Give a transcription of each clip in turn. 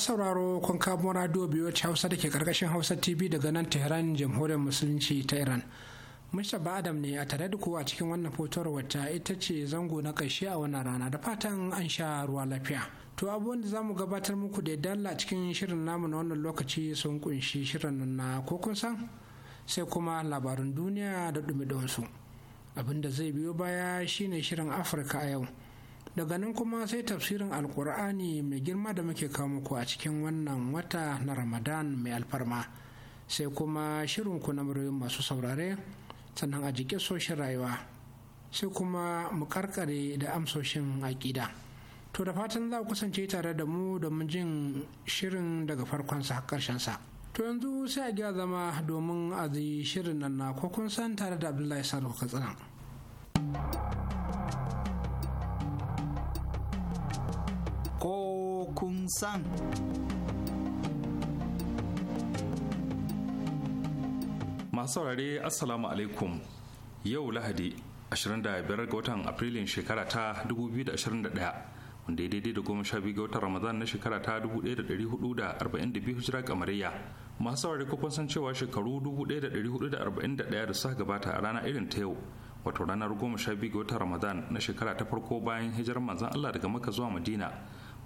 sauraro kun kamo radio biyu hausa da ke karkashin hausa tv daga nan tehran jamhuriyar musulunci ta iran mustapha adam ne a tare da kowa cikin wannan fotowar wata ita ce zango na ƙarshe a wannan rana da fatan an sha ruwa lafiya to abubuwan da za mu gabatar muku da dalla cikin shirin namu na wannan lokaci sun kunshi shirin nan na kokun san sai kuma labarin duniya da dumi abin da zai biyo baya shine shirin afirka a yau daga nan kuma sai tafsirin alkur'ani mai girma da muke kawo muku a cikin wannan wata na ramadan mai alfarma sai kuma shirin na muryoyin masu saurare sannan a jiki soshin rayuwa sai kuma mu karkare da amsoshin aƙida to da fatan za ku kusance tare da mu domin jin shirin daga farkonsa har ƙarshensa to yanzu sai a gya zama domin a shirin nan na kokon san tare da abdullahi salihu katsina ko kun san. Masu saurare Assalamu alaikum yau Lahadi 25 ga watan afrilin shekara ta 2021 wanda ya daidai da goma sha biyu ga watan Ramadan na shekara ta 1442 hijira kamariya masu saurari ko san cewa shekaru 1441 da suka gabata a rana irin ta yau wato ranar goma sha biyu ga watan Ramadan na shekara ta farko bayan hijirar manzan Allah daga maka zuwa Madina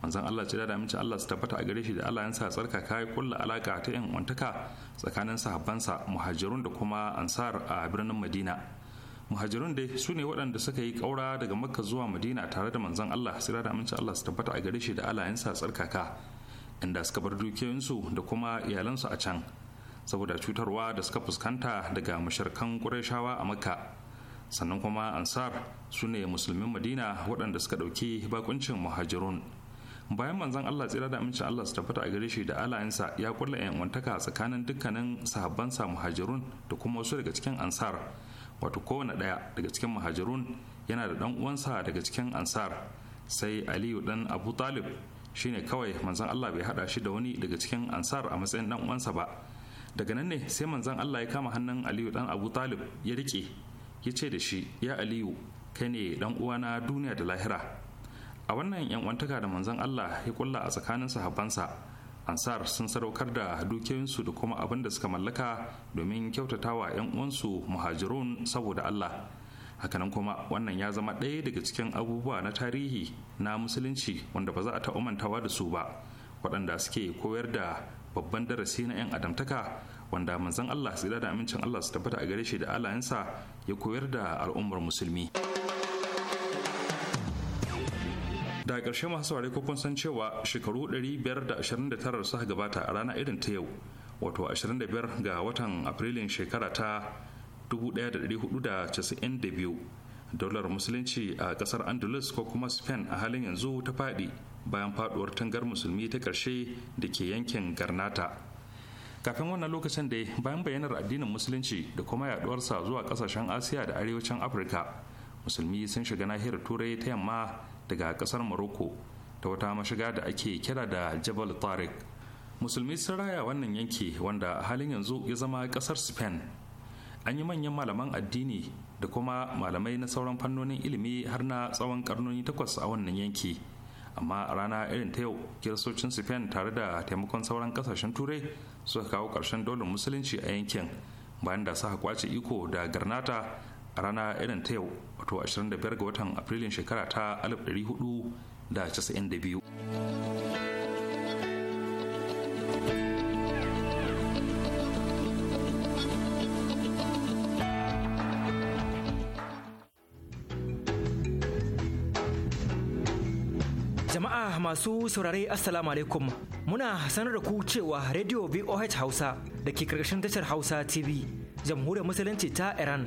manzon Allah ce da aminci Allah su tabbata a gare shi da Allah yansa tsarkaka ya kulla alaka ta yan uwantaka tsakanin sahabbansa muhajirun da kuma ansar a birnin Madina muhajirun dai su ne waɗanda suka yi ƙaura daga makka zuwa madina tare da Manzan allah sira da aminci allah su tabbata a gare shi da alayensa tsarkaka inda suka bar dukiyoyinsu da kuma iyalansu a can saboda cutarwa da suka fuskanta daga masharkan ƙurashawa a makka sannan kuma ansar su ne musulmin madina waɗanda suka ɗauki bakuncin muhajirun bayan manzon Allah tsira da amincin Allah su tabbata a gare shi da alayensa ya kulla yan wantaka tsakanin dukkanin sahabban sa muhajirun da kuma wasu daga cikin ansar wato kowane daya daga cikin muhajirun yana da dan uwansa daga cikin ansar sai Aliyu dan Abu Talib shine kawai manzon Allah bai hada shi da wani daga cikin ansar a matsayin dan uwansa ba daga nan ne sai manzon Allah ya kama hannun Aliyu dan Abu Talib ya rike ya ce da shi ya Aliyu kai ne dan uwana duniya da lahira a wannan yan'uwantaka da manzon Allah ya kulla a tsakanin sahabbansa ansar sun sadaukar da dukiyoyinsu da kuma abin da suka mallaka domin kyautatawa 'yan uwansu muhajirun saboda Allah hakanan kuma wannan ya zama ɗaya daga cikin abubuwa na tarihi na musulunci wanda ba za a ta'umantawa da su ba waɗanda suke koyar da babban darasi na 'yan adamtaka wanda manzon Allah tsira da amincin Allah su tabbata a gare shi da alayensa ya koyar da al'ummar musulmi. da ƙarshe masu saurare ko kun san cewa shekaru 529 suka gabata a rana irin ta yau wato 25 ga watan afrilun shekara ta 1492 dolar musulunci a kasar andalus ko kuma spain a halin yanzu ta faɗi bayan faduwar tangar musulmi ta ƙarshe da ke yankin garnata kafin wannan lokacin da bayan bayanar addinin musulunci da kuma yaduwarsa zuwa kasashen asiya da arewacin afirka musulmi sun shiga nahiyar turai ta yamma daga kasar morocco ta wata mashiga da ake kira da jabal tariq musulmi sun raya wannan yanki wanda a halin yanzu ya zama kasar spain an yi manyan malaman addini da kuma malamai na sauran fannonin ilimi har na tsawon karnoni takwas a wannan yanki amma rana irin ta yau kiristocin spain tare da taimakon sauran kasashen turai suka kawo ƙarshen dole musulunci a yankin bayan da suka kwace iko da garnata a rana irin ta yau wato 25 ga watan afrilun shekara ta 1492 jama'a masu saurare assalamu alaikum muna sanar da ku cewa radio voh hausa da ke karkashin tashar hausa tv jamhuriyar musulunci ta iran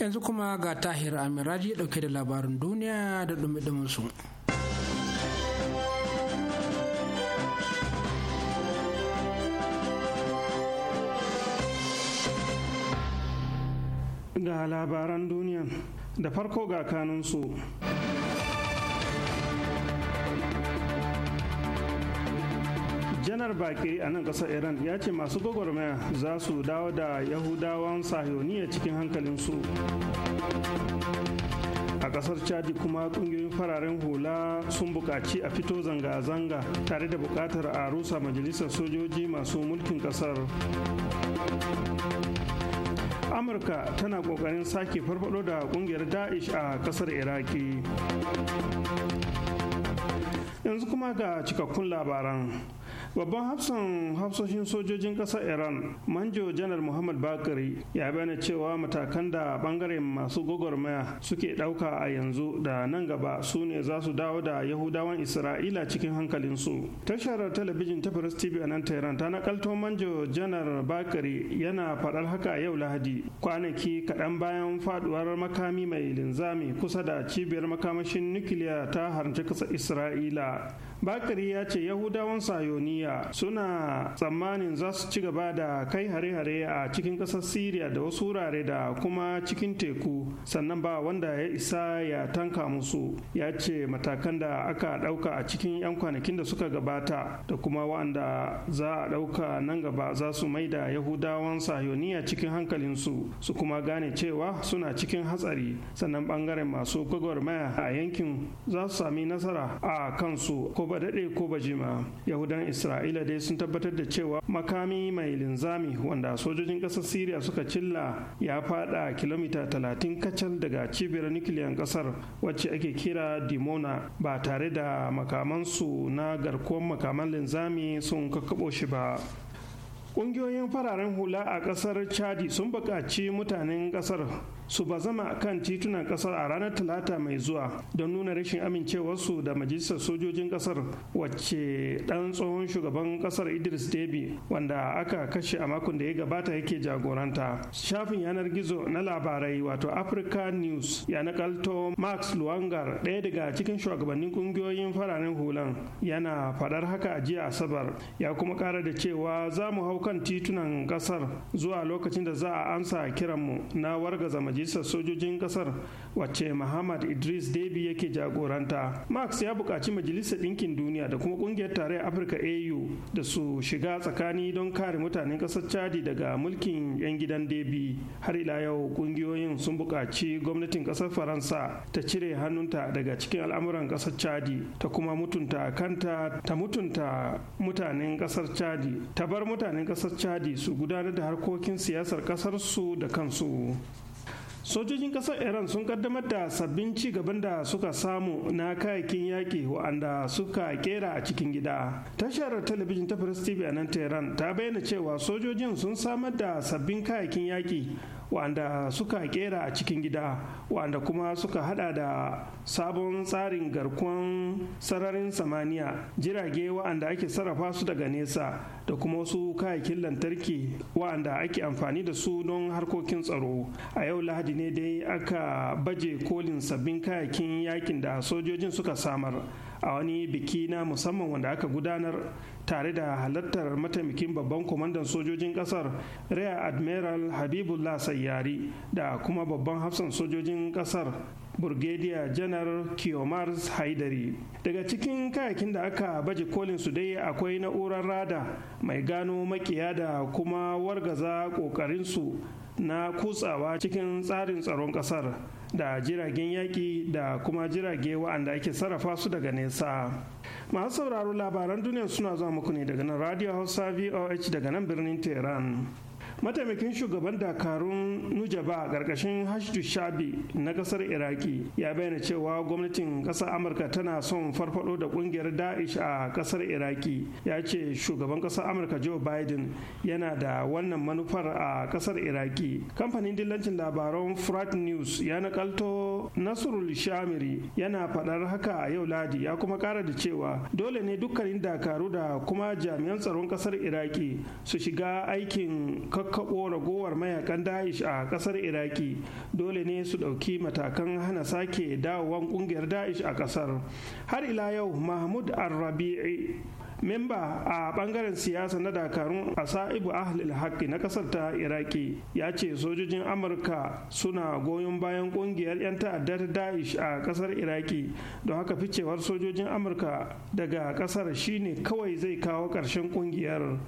yanzu kuma ga tahir amiraji dauke da labarin duniya da dumi su. ga labaran duniya da farko ga kanunsu. janar bakiri a nan kasar iran ya ce masu gwagwarmaya za su dawo da yahudawan sahiyoniya cikin hankalinsu a kasar chadi kuma kungiyoyin fararen hula sun buƙaci a fito zanga-zanga tare da buƙatar a rusa majalisar sojoji masu mulkin kasar amurka tana ƙoƙarin sake farfaɗo da ƙungiyar daesh a ƙasar iraki yanzu kuma ga cikakkun labaran babban hafsan hafsoshin sojojin ƙasar iran manjo janar muhammad bakari ya bayyana cewa matakan da bangaren masu gwagwarmaya suke ɗauka a yanzu da nan gaba su ne za su dawo da yahudawan isra'ila cikin hankalinsu tashar talabijin ta firis tv a nan tehran ta nakalto manjo janar bakari yana faɗar haka yau lahadi kwanaki kaɗan bayan faɗuwar makami mai linzami kusa da cibiyar makamashin nukiliya ta harci ƙasar isra'ila bakari ya ce yahudawan sayoniya suna tsammanin za su ci gaba da kai hare-hare a cikin ƙasar siriya da wasu wurare da kuma cikin teku sannan ba wanda ya isa ya tanka musu ya ce matakan da aka ɗauka a cikin 'yan kwanakin da suka gabata da kuma wa'anda za a ɗauka nan gaba za su mai da yahudawan sayoniya cikin hankalinsu su kuma gane cewa suna cikin hatsari sannan ɓangaren masu gwagwarmaya a yankin za su sami nasara a kansu ko ba daɗe ko ba jima yahudan isra'ila dai sun tabbatar da cewa makami mai linzami wanda sojojin ƙasar siriya suka cilla ya faɗa kilomita talatin kacal daga cibiyar nukiliyan ƙasar wacce ake kira dimona ba tare da makamansu na garkuwar makaman linzami sun kakkaɓo shi ba ƙungiyoyin fararen hula a ƙasar chadi sun buƙaci mutanen ƙasar su zama a kan titunan kasar a ranar talata mai zuwa don nuna rashin amincewarsu da majalisar sojojin kasar wacce dan tsohon shugaban kasar idris debi wanda aka kashe a makon da ya gabata yake jagoranta shafin yanar gizo na labarai wato africa news ya nakalto max luwangar ɗaya daga cikin shugabannin kungiyoyin fararen hulan yana faɗar haka a jiya asabar ya kuma ƙara da cewa za mu hau kan titunan kasar zuwa lokacin da za a amsa kiranmu na wargaza majalisar sojojin kasar wacce muhammad idris debi yake jagoranta max ya buƙaci majalisar ɗinkin duniya da kuma ƙungiyar tarayyar afirka au da su shiga tsakani don kare mutanen kasar chadi daga mulkin 'yan gidan debi har ila yau ƙungiyoyin sun bukaci gwamnatin ƙasar faransa ta cire hannunta daga cikin al'amuran ƙasar chadi ta kuma mutunta kanta ta mutunta mutanen ƙasar chadi ta bar mutanen ƙasar chadi su gudanar da harkokin siyasar ƙasarsu da kansu sojojin kasar iran sun kaddamar da sabbin ci gaban da suka samu na kayakin yaƙi wa'anda suka kera a cikin gida tashar talabijin ta press tv a nan tehran ta bayyana cewa sojojin sun samar da sabbin kayakin yaƙi wanda suka kera a cikin gida wanda kuma suka hada da sabon tsarin garkuwan sararin samaniya jirage wa'anda ake sarrafa su daga nesa da kuma wasu kayayyakin lantarki wa'anda ake amfani da su don harkokin tsaro a yau lahadi ne dai aka baje kolin sabbin kayayyakin yakin da sojojin suka samar a wani biki na musamman wanda aka gudanar tare da halartar mataimakin babban kwamandan sojojin kasar rear admiral habibullah sayyari da kuma babban hafsan sojojin kasar Burgediya janar kiomars haidari daga cikin kayakin da aka baje kolin su dai akwai na'urar rada mai gano makiya da kuma wargaza ƙoƙarinsu. na kutsawa cikin tsarin tsaron ƙasar da jiragen yaƙi da kuma jirage waɗanda ake sarrafa su daga nesa. Masu sauraro labaran duniya suna zuwa muku ne daga nan Radio Hausa VOH daga nan birnin Tehran. mataimakin shugaban dakarun nujaba a ƙarƙashin hashdu shabi na ƙasar iraki ya bayyana cewa gwamnatin ƙasar amurka tana son farfado da ƙungiyar Da'ish a ƙasar iraki ya ce shugaban ƙasar amurka joe biden yana da wannan manufar a ƙasar iraki kamfanin dillancin labaran frat news ya nakalto nasrul shamiri yana faɗar haka a yau ladi ya kuma ƙara da cewa dole ne dukkanin dakaru da kuma jami'an tsaron ƙasar iraki su shiga aikin kaɓo ragowar mayakan da'ish a ƙasar iraki dole ne su ɗauki matakan hana sake dawowan ƙungiyar da'ish a ƙasar har ila yau mahmud arrabi'i memba a bangaren siyasa na dakarun Sa'ibu ahlil haqqi na kasar ta iraki ya ce sojojin amurka suna goyon bayan kungiyar 'yan ta'addar daesh a kasar iraki don haka ficewar sojojin amurka daga kasar shine kawai zai kawo ƙarshen kungiyar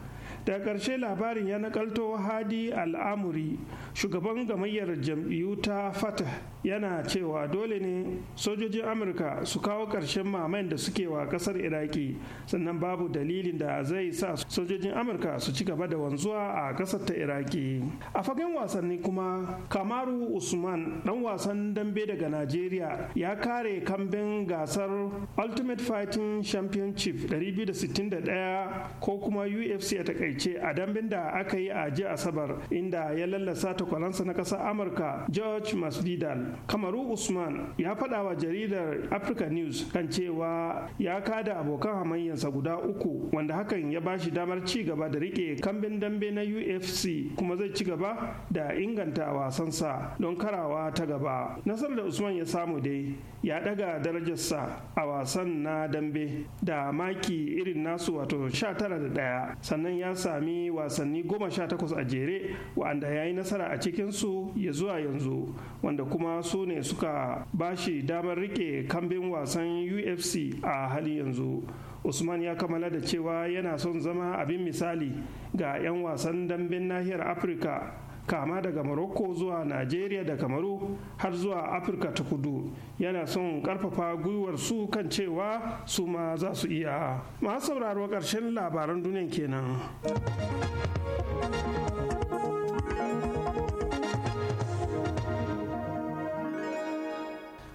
da ƙarshe labarin ya nakalto hadi al'amuri shugaban gamayyar jam'iyyu ta fatah yana cewa dole ne sojojin amurka su kawo ƙarshen mamayen da suke wa ƙasar iraki sannan babu dalilin da zai sa sojojin amurka su ci gaba da wanzuwa a ƙasar ta iraki a fagen wasanni kuma kamaru usman dan wasan dambe daga najeriya ya kare kamben gasar ultimate fighting championship 261 ko kuma ufc a takaice a dambin da aka yi a jiya asabar inda ya lallasa takwaransa na ƙasar amurka george masvidal kamaru usman ya faɗa wa jaridar africa news kan cewa ya kada abokan hamayyansa guda uku wanda hakan ya ba shi damar ci gaba da rike kambin dambe na ufc kuma zai ci gaba da inganta wasansa don karawa ta gaba Nasar da usman ya samu dai ya ɗaga darajarsa a wasan na dambe da maki irin nasu wato 19 da ɗaya sannan ya sami wasanni goma sha takwas a jere wa'anda ya yi nasara a cikinsu ya zuwa yanzu wanda kuma su ne suka bashi damar rike kambin wasan ufc a hali yanzu usman ya kammala da cewa yana son zama abin misali ga 'yan wasan damben nahiyar afirka kama daga Morocco zuwa Nigeria da Kamaru har zuwa Afirka ta kudu yana son karfafa gwiwar su kan cewa su ma za su iya. Masu sauraro ƙarshen labaran duniya kenan.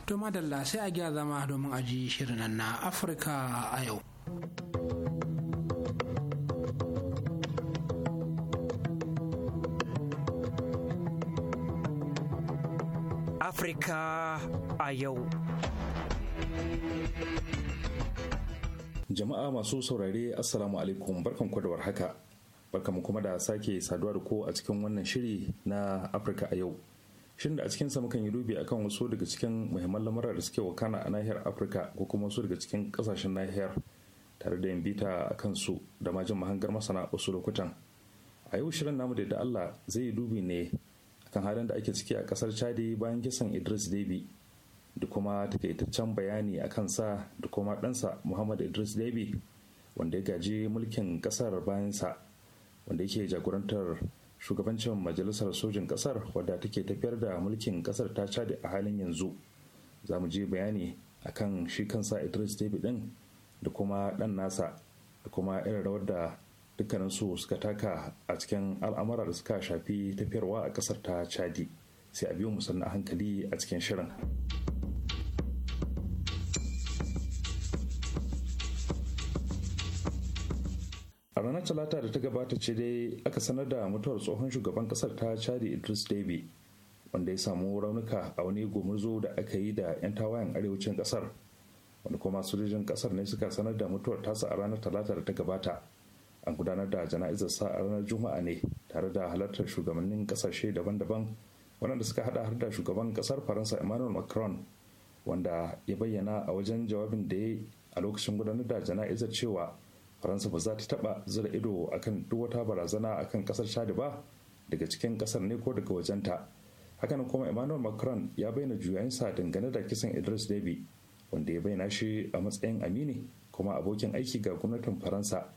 To madalla sai a gya zama domin aji shirin na Afirka a yau. Afrika a yau. Jama'a masu saurare Assalamu alaikum barkan kwadawar haka Barkanmu kuma da sake saduwa da ko a cikin wannan shiri na Afirka a yau. Shirin da a cikinsa mukan yi dubi akan wasu daga cikin muhimman lamura da suke wakana a nahiyar Afirka ko kuma wasu daga cikin kasashen nahiyar tare da yin bita a kansu da majin mahangar masana wasu lokutan. A yau shirin namu da Allah zai yi dubi ne kan halin da ake ciki a kasar chadi bayan kisan idris debi da kuma takaitaccen bayani a kansa da kuma ɗansa muhammad idris debi wanda ya gaji mulkin kasar bayansa wanda yake jagorantar shugabancin majalisar sojin kasar wadda take tafiyar da mulkin kasar ta chadi a halin yanzu za mu je bayani akan shi kansa idris debi din da kuma ɗan nasa da kuma irin rawar da dukkaninsu suka taka a cikin al'amura da suka shafi tafiyarwa a kasar ta chadi sai a biyo sannan hankali a cikin shirin a ranar talata da ta gabata ce dai aka sanar da mutuwar tsohon shugaban kasar ta chadi idris deby wanda ya samu raunuka a wani gumurzo da aka yi da 'yan tawayen arewacin kasar wanda kuma sojojin kasar ne suka sanar da mutuwar tasa a ranar talata da ta gabata an gudanar da jana'izar sa a ranar juma'a ne tare da halartar shugabannin kasashe daban-daban waɗanda suka hada har da shugaban kasar faransa emmanuel macron wanda ya bayyana a wajen jawabin da ya a lokacin gudanar da jana'izar cewa faransa ba za ta taba zura ido akan duk wata barazana akan kasar chad ba daga cikin kasar ne ko daga wajenta hakan kuma emmanuel macron ya bayyana juyayensa dangane da kisan idris deby wanda ya bayyana shi a matsayin amini kuma abokin aiki ga gwamnatin faransa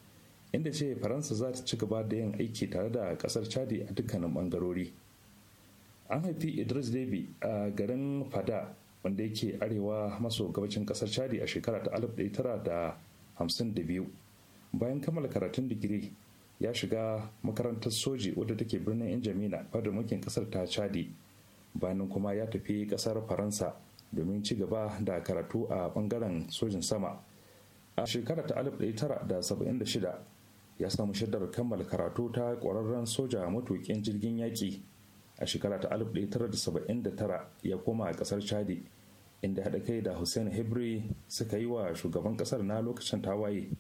inda ce faransa za ta ci gaba da yin aiki tare da kasar chadi a dukkanin bangarori an haifi idris debi a garin fada wanda yake arewa maso gabacin kasar chadi a shekara ta 1952 bayan kammala karatun digiri ya shiga makarantar soji wadda take birnin injamina fadar mulkin kasar ta chadi bayan kuma ya tafi kasar faransa domin ci gaba da karatu a bangaren sojin sama a shekara ta ya samu shaddar kammala karatu ta ƙwararren soja matuƙin jirgin yaƙi a shekara ta 1979 ya koma a ƙasar chadi inda haɗa kai da hussein hebri suka yi wa shugaban ƙasar na lokacin tawaye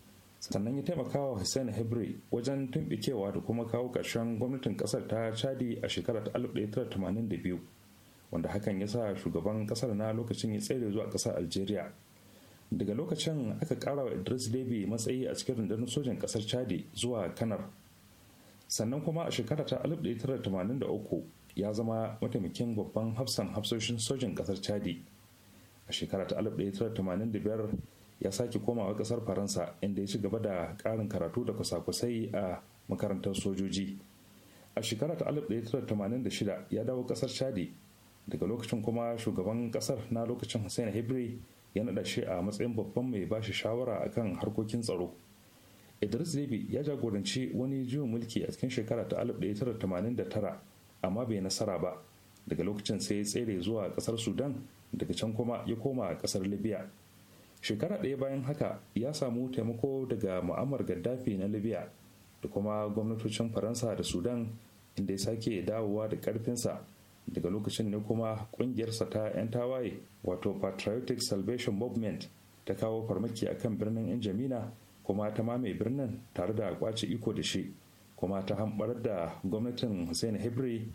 sannan ya taimaka wa hussein hebri wajen tumɓikewa da kuma kawo ƙarshen gwamnatin ƙasar ta chadi a shekara ta 1982 wanda hakan ya sa shugaban ƙasar na lokacin ya tsere zuwa ƙasar algeria daga lokacin aka ƙara wa idris debi matsayi a cikin rundunar sojan kasar chadi zuwa kanar sannan kuma a shekara ta 1983 ya zama mataimakin babban hafsan hafsoshin sojan ƙasar chadi a shekara ta 1985 ya sake komawa ƙasar faransa inda ya ci gaba da ƙarin karatu da kwasa-kwasai a makarantar sojoji a shekara ta 1986 ya dawo ƙasar chadi daga lokacin kuma shugaban ƙasar na lokacin hussein hebrew ya naɗa shi a matsayin babban mai bashi shawara akan harkokin tsaro idris debi ya jagoranci wani juyin mulki a cikin shekara ta 1989 amma bai nasara ba daga lokacin sai ya tsere zuwa kasar sudan daga can kuma ya koma kasar libya shekara ɗaya bayan haka ya samu taimako daga mu'ammar gaddafi na libya da kuma gwamnatocin faransa da sudan inda ya sake dawowa da ƙarfinsa daga lokacin ne kuma kungiyarsa ta 'yan tawaye wato patriotic salvation movement ta kawo farmaki a kan birnin injamina kuma ta mame birnin tare da kwace iko da shi kuma ta hambar da gwamnatin hussein hebrey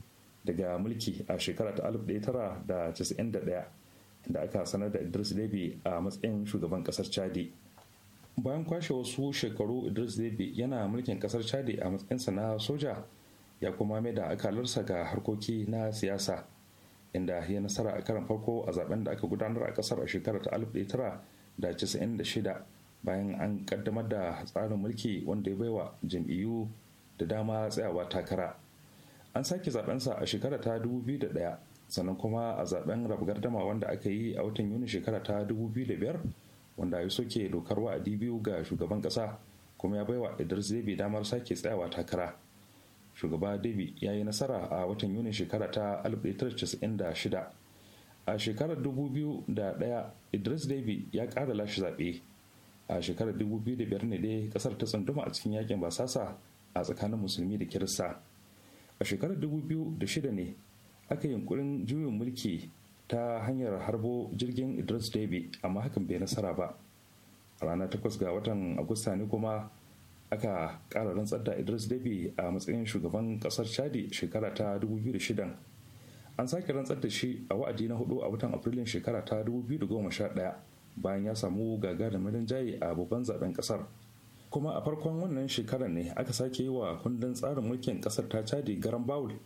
daga mulki a shekara ta 1991 da aka sanar da idris debi a matsayin shugaban kasar chadi bayan kwashe wasu shekaru idris debi yana mulkin kasar chadi a matsayinsa na soja ya kuma mai da akalarsa ga harkoki na siyasa inda ya nasara a karan farko a zaben da aka gudanar a kasar a shekarar ta 1996 bayan an kaddamar da tsarin mulki wanda ya baiwa jam'iyyu da dama tsayawa takara an sake zabensa a shekara ta 2001 sannan kuma a zaben rabgardama wanda aka yi a watan yuni shekara ta biyar wanda ya soke dokar wa'adi biyu ga shugaban kasa kuma ya baiwa idris debi damar sake tsayawa takara shugaba david ya yi nasara a watan yuni shekara ta 1996 a shekarar 2001 idris david ya ƙara lashe zaɓe a shekarar 2005 ne dai ƙasar ta tsunduma a cikin yakin basasa a tsakanin musulmi da kirista a shekarar 2006 ne aka yunkurin juyin mulki ta hanyar harbo jirgin idris david amma hakan bai nasara ba a ranar 8 ga watan agusta ne kuma aka kara rantsar da idris debi a matsayin shugaban kasar chadi shekara ta 2006 an sake rantsar da shi a wa'adi na hudu a watan afrilun shekara ta 2011 bayan ya samu gagarumin jayi a babban zaben ƙasar kuma a farkon wannan shekarar ne aka sake yi wa kundin tsarin mulkin ƙasar ta chadi garan bawul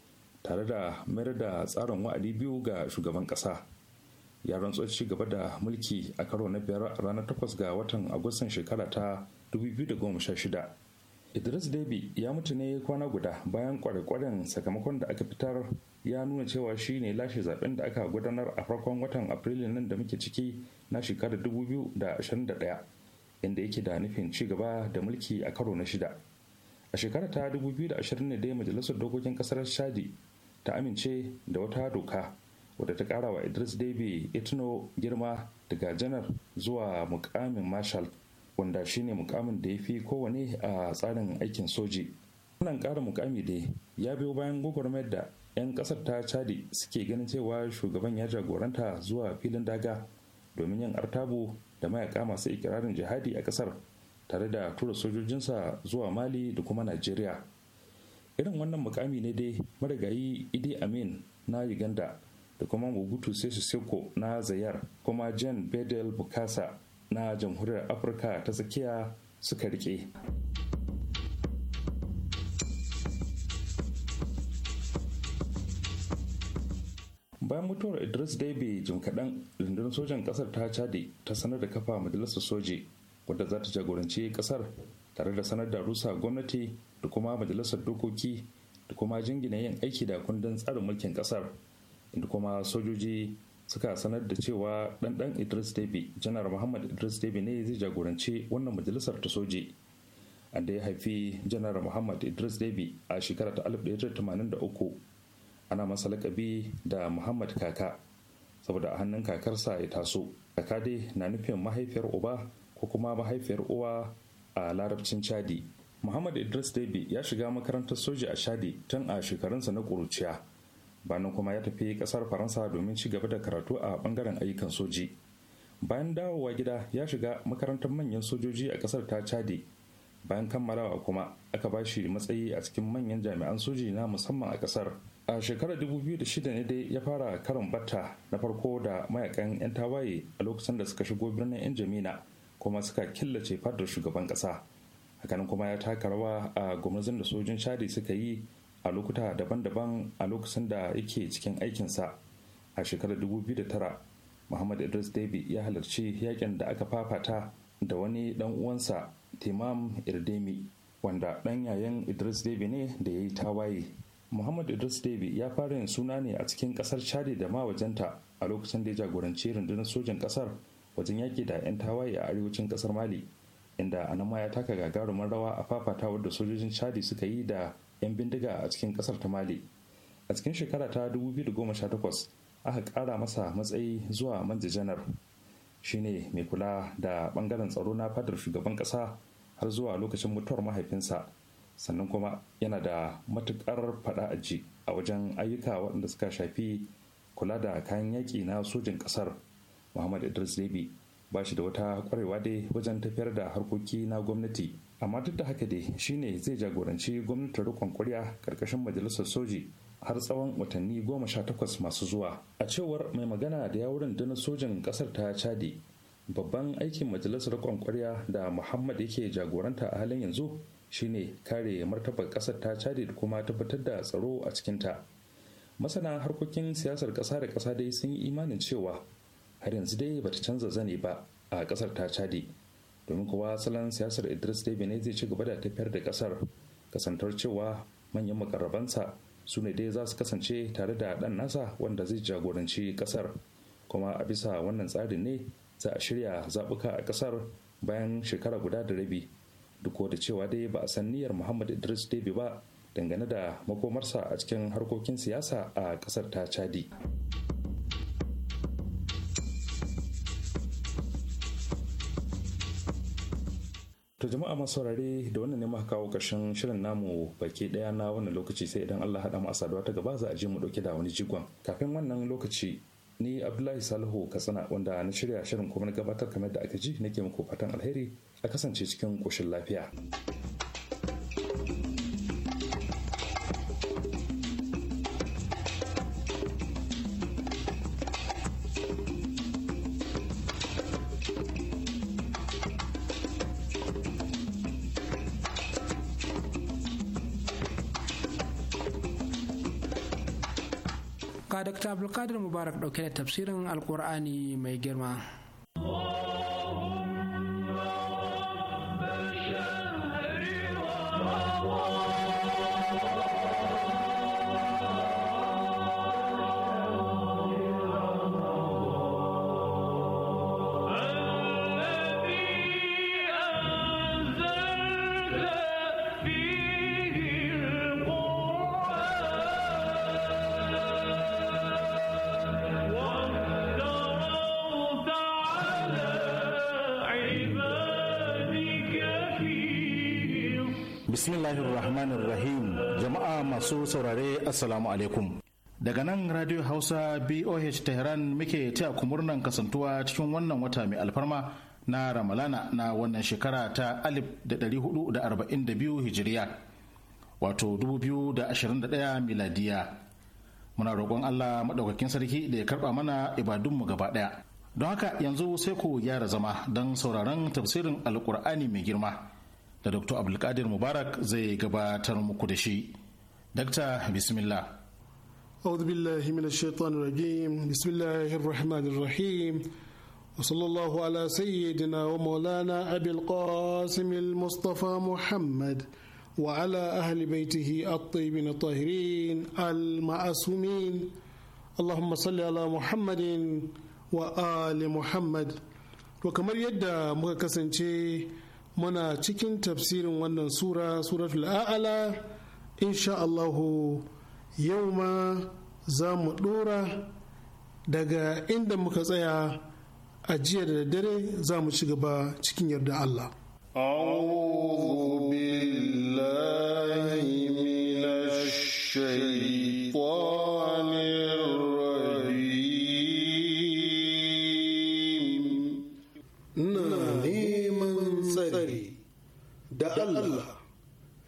tare da mayar da tsarin wa'adi biyu ga shugaban ƙasa ya rantso ci gaba da mulki a karo na biyar ranar 8 ga watan agustan shekara ta 2016 idris debi ya mutu ne kwana guda bayan kwarekwaren sakamakon da aka fitar ya nuna cewa shi ne lashe zaben da aka gudanar a farkon watan afrilu nan da muke ciki na shekarar 2021 inda yake da nufin ci gaba da mulki a karo na shida a shekarar ta 2020 dai majalisar dokokin kasar shadi ta amince da wata doka wadda ta kara wa idris debi itno girma daga janar zuwa mukamin marshal wanda shine mukamin da ya fi kowane a tsarin aikin soji wannan ƙara mukami dai ya biyo bayan gwagwarmayar da 'yan ƙasar ta chadi suke ganin cewa shugaban ya jagoranta zuwa filin daga domin yin artabu da mayaka masu ikirarin jihadi a ƙasar tare da tura sojojinsa zuwa mali da kuma najeriya irin wannan mukami ne dai marigayi idi amin na uganda da kuma sai su seko na zayar kuma jan bedel bukasa na jamhuriyar afirka ta tsakiya suka rike bayan mutuwar idris daibe jim kaɗan rundunar sojan ƙasar ta cadi ta sanar da kafa majalisar soji wadda za ta jagoranci ƙasar tare da sanar da rusa gwamnati da kuma majalisar dokoki da kuma jingina yin aiki da kundin tsarin mulkin ƙasar inda kuma sojoji suka sanar da cewa ɗanɗan idris debi janar muhammad idris debi ne zai jagoranci wannan majalisar ta soji an da ya haifi janar muhammad idris debi a shekara ta 1983 ana masa lakabi da muhammad kaka saboda a hannun kakarsa ya taso kaka dai na nufin mahaifiyar uba ko kuma mahaifiyar uwa a larabcin chadi muhammad idris debi ya shiga makarantar soja a chadi tun a shekarunsa na ƙuruciya bayan kuma ya tafi kasar faransa domin ci gaba da karatu a bangaren ayyukan soji bayan dawowa gida ya shiga makarantar manyan sojoji a kasar ta chadi bayan kammalawa kuma aka ba shi matsayi a cikin manyan jami'an soji na musamman a kasar a shekarar da shida ne dai ya fara karin batta na farko da mayakan 'yan tawaye a lokacin da suka shigo birnin 'yan Jamina kuma suka killace fadar shugaban kasa hakanan kuma ya taka rawa a gwamnatin da sojin chadi suka yi a lokuta daban-daban a lokacin da yake cikin aikinsa a shekarar 2009 muhammad idris debi ya halarci yakin da aka fafata da wani dan uwansa timam irdemi wanda dan yayan idris debi ne da ya yi tawaye muhammad idris debi ya fara yin suna ne a cikin kasar chadi da ma wajenta a lokacin da ya jagoranci rundunar sojan kasar wajen yaki da 'yan tawaye a arewacin kasar mali inda anama ya taka gagarumin rawa a fafatawar da sojojin chadi suka yi da 'yan bindiga a cikin kasar ta mali a cikin shekara ta 2018 aka ƙara masa matsayi zuwa manja janar shine mai kula da bangaren tsaro na fadar shugaban ƙasa har zuwa lokacin mutuwar mahaifinsa sannan kuma yana da matuƙar fada a ji a wajen ayyuka waɗanda suka shafi kula da kayan yaƙi na sojin ƙasar muhammad idris debi ba shi da wata ƙwarewa dai wajen tafiyar da harkoki na gwamnati amma duk da haka dai shine zai jagoranci gwamnatin rikon kwarya karkashin majalisar soji har tsawon watanni goma sha takwas masu zuwa a cewar mai magana da yawurin dana sojin kasar ta chadi babban aikin majalisar rikon kwarya da muhammad yake jagoranta a halin yanzu shine kare martabar kasar ta chadi da kuma tabbatar da tsaro a cikinta masana harkokin siyasar kasa da kasa dai sun yi imanin cewa har yanzu dai bata canza zane ba a kasar ta chadi domin kuwa salon siyasar idris debi ne zai ci gaba da tafiyar da kasar kasantar cewa manyan makarabansa su ne dai za su kasance tare da dan nasa wanda zai jagoranci kasar kuma a bisa wannan tsarin ne za a shirya zabuka a kasar bayan shekara guda da rabi duk da cewa dai ba a san niyyar muhammad idris debi ba dangane da makomarsa a cikin harkokin siyasa a kasar ta chadi. To jama'a masu saurare da wannan ne muka kawo ƙarshen shirin namu baki ɗaya na wannan lokaci sai idan Allah haɗa mu a saduwa ta gaba za a je mu ɗauke da wani jigon. Kafin wannan lokaci ni Abdullahi Salihu Katsina wanda na shirya shirin kuma na gabatar kamar da aka ji nake muku fatan alheri a kasance cikin ƙoshin lafiya. ga abdulkadir mubarak dauke da tafsirin alkur'ani mai girma assalamu alaikum daga nan radio hausa boh tehran muke taya ku murnan kasantuwa cikin wannan wata mai alfarma na ramalana na wannan shekara ta 1442 hijiriya wato 2021 miladiya muna roƙon allah maɗaukakin sarki da ya karɓa mana ibadunmu gaba ɗaya don haka yanzu sai ku gyara zama don sauraron tafsirin alkur'ani mai girma da dr abdulkadir mubarak zai gabatar muku da shi. dakta bismillah أعوذ بالله من الشيطان الرجيم بسم الله الرحمن الرحيم وصلى الله على سيدنا ومولانا أبي القاسم المصطفى محمد وعلى أهل بيته الطيبين الطاهرين المعصومين اللهم صل على محمد وآل محمد وكما يدى مكسنتي منا تشكين تفسير ونن سورة سورة الأعلى sha allahu yau ma za mu dora daga inda muka tsaya a jiya da dare za mu ci gaba cikin yarda allah أعوذ بالله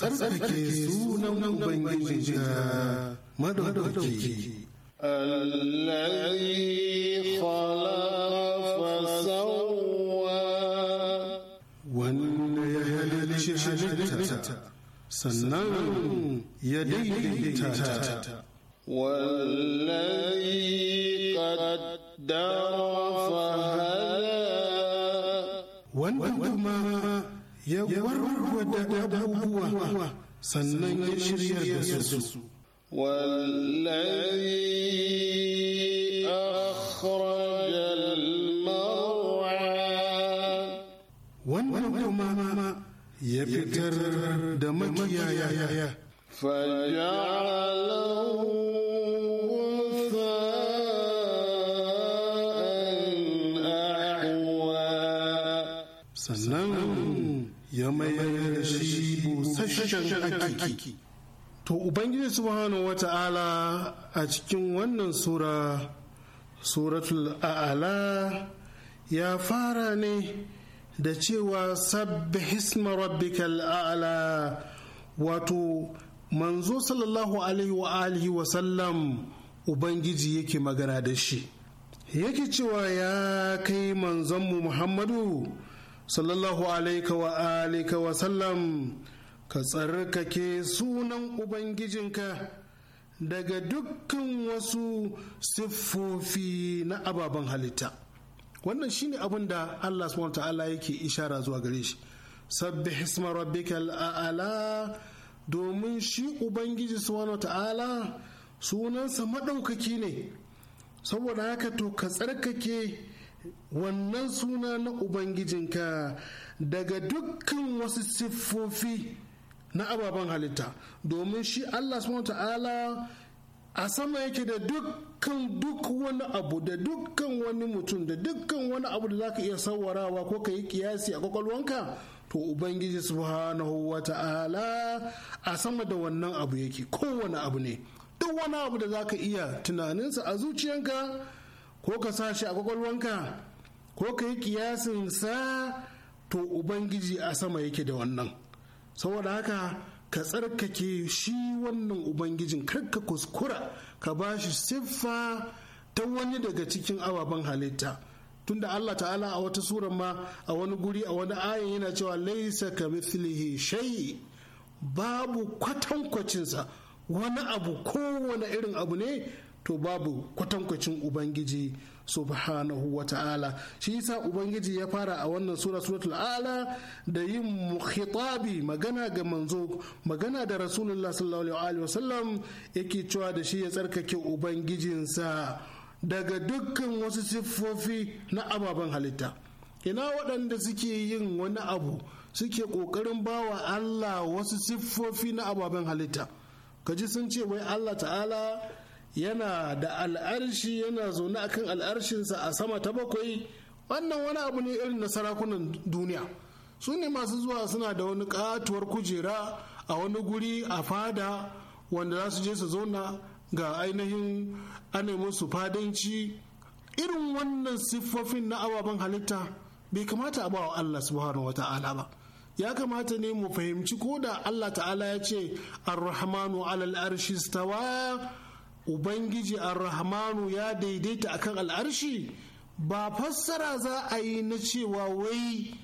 tsarkake sunan ubangiji da madaukaki wanda ya halicci sannan ya daidaita ta wallahi wanda kuma ya warwada abubuwa sannan ya shirya da su والذي أخرج المرعى وانهما يفتر دمك يا يا يا فجعله to ubangiji subhanahu ta’ala a cikin wannan sura suratul a'ala ya fara ne da cewa sabbi hisma rabbikal a'ala wato manzo sallallahu alaihi wa alihi wa sallam ubangiji yake magana da shi yake cewa ya kai manzonmu muhammadu sallallahu alaihi wa alihi wa sallam ka tsarkake sunan ubangijinka daga dukkan wasu siffofi na ababen halitta wannan shine abin da allah subhanahu ta'ala yake ishara zuwa gare shi sabbi hisma rabbikal a'ala domin shi ubangiji subhanahu ta'ala sunansa maɗaukaki ne saboda haka to ka tsarkake wannan suna na ubangijinka daga dukkan wasu siffofi na ababen halitta domin shi Allah subhanahu ta'ala a sama yake da dukkan duk wani abu da dukkan wani mutum da dukkan wani abu da zaka iya sawarawa ko ka yi kiyasi a kwakwalwanka to ubangiji subhanahu wa ta'ala a sama da wannan abu yake kowane abu ne duk wani abu da zaka iya tunaninsa a zuciyanka ko ka sa shi a kwakwalwanka ko ka yi kiyasinsa to ubangiji a sama yake da wannan saboda haka ka tsarkake shi wannan ubangijin karka kuskura ka ba shi siffa ta wani daga cikin ababen halitta tunda Allah ta'ala a wata sura ma a wani guri a wani ayin yana cewa laisa ka mithlihi shayi babu kwatankwacinsa wani abu kowane irin abu ne to babu kwatankwacin ubangiji subhanahu wa ta'ala shi yasa ubangiji ya fara a wannan sura suratul ala da yin khitabi magana ga manzo magana da rasulullah sallallahu alaihi wasallam yake cewa da shi ya tsarkake ubangijinsa daga dukkan wasu siffofi na ababen halitta ina waɗanda suke yin wani abu suke ƙoƙarin bawa Allah wasu siffofi na ababen halitta ka ji sun ce wai Allah ta'ala yana da al'arshi yana zaune a kan al'arshinsa a sama ta bakwai wannan wani abu ne irin na sarakunan duniya su ne masu zuwa suna da wani katuwar kujera a wani guri a fada wanda za su je su zauna ga ainihin ana musu fadanci irin wannan siffofin na ababen halitta bai kamata a ba wa Allah subhanahu wa ta'ala ba ya kamata ne mu fahimci ko da Allah ta'ala ya ce ar-rahmanu alal arshi stawa ubangiji ar-rahmanu ya daidaita akan al'arshi ba fassara za a yi na cewa wai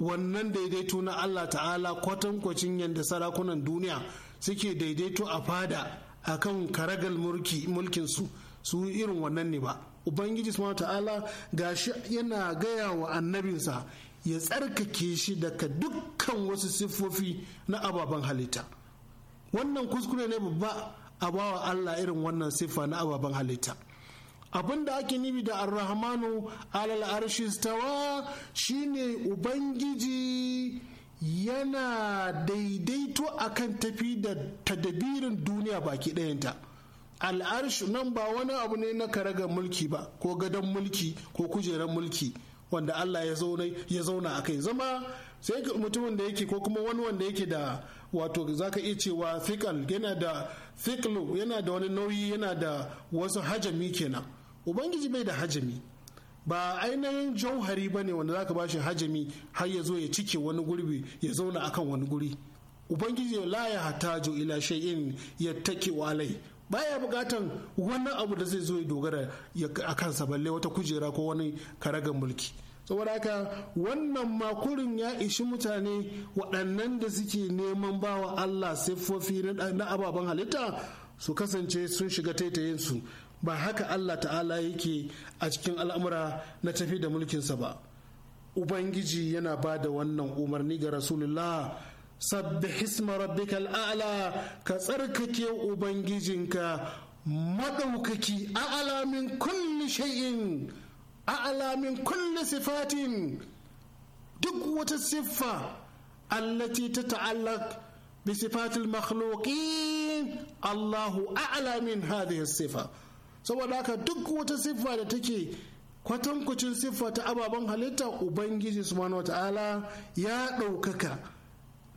wannan daidaito na allah ta'ala kwatankwacin yadda sarakunan duniya suke daidaito a fada akan karagal mulki mulkinsu su irin wannan ne ba ubangiji subhanahu ta'ala ga shi yana gaya wa annabinsa ya tsarkake shi daga dukkan wasu siffofi na ababen halitta wannan kuskure ne babba a bawa Allah irin wannan siffa na ababen halitta abin da ake nibi da arrahmanu alal arshistawa shine ubangiji yana daidaito akan tafi da tadabirin duniya baki ɗayanta al'arsh nan ba wani abu ne na karagar mulki ba ko gadon mulki ko kujerar mulki wanda Allah ya zauna a kai zama sai mutumin da yake ko kuma wani wanda yake da wato zaka iya cewa fikal yana da yana da wani nauyi yana da wasu hajami kenan ubangiji bai da hajami ba ainihin jauhari ba ne wanda zaka bashi hajami har ya zo ya cike wani gurbi ya zauna akan wani guri ubangiji laya hata jo ila shay'in yattaki walai baya bukatan wani abu da zai zo ya dogara a kansa balle wata kujera ko wani karagar mulki saboda haka wannan makurin ya ishi mutane waɗannan da suke neman bawa Allah siffofi na ababen halitta su kasance sun shiga taitayinsu ba haka Allah ta'ala yake a cikin al'amura na tafi da mulkinsa ba ubangiji yana ba da wannan umarni ga rasulullah sabbi hisma rabbikal a'la ka tsarkake ubangijinka maɗaukaki a min kulli shay'in a alamin kulle sifatin duk wata siffa allati ta ta'allak bi sifatil makhluqin Allahu a'la min hadhihi sifa saboda haka duk wata siffa da take kwatankucin siffa ta ababen halitta ubangiji subhanahu wata'ala ya ɗaukaka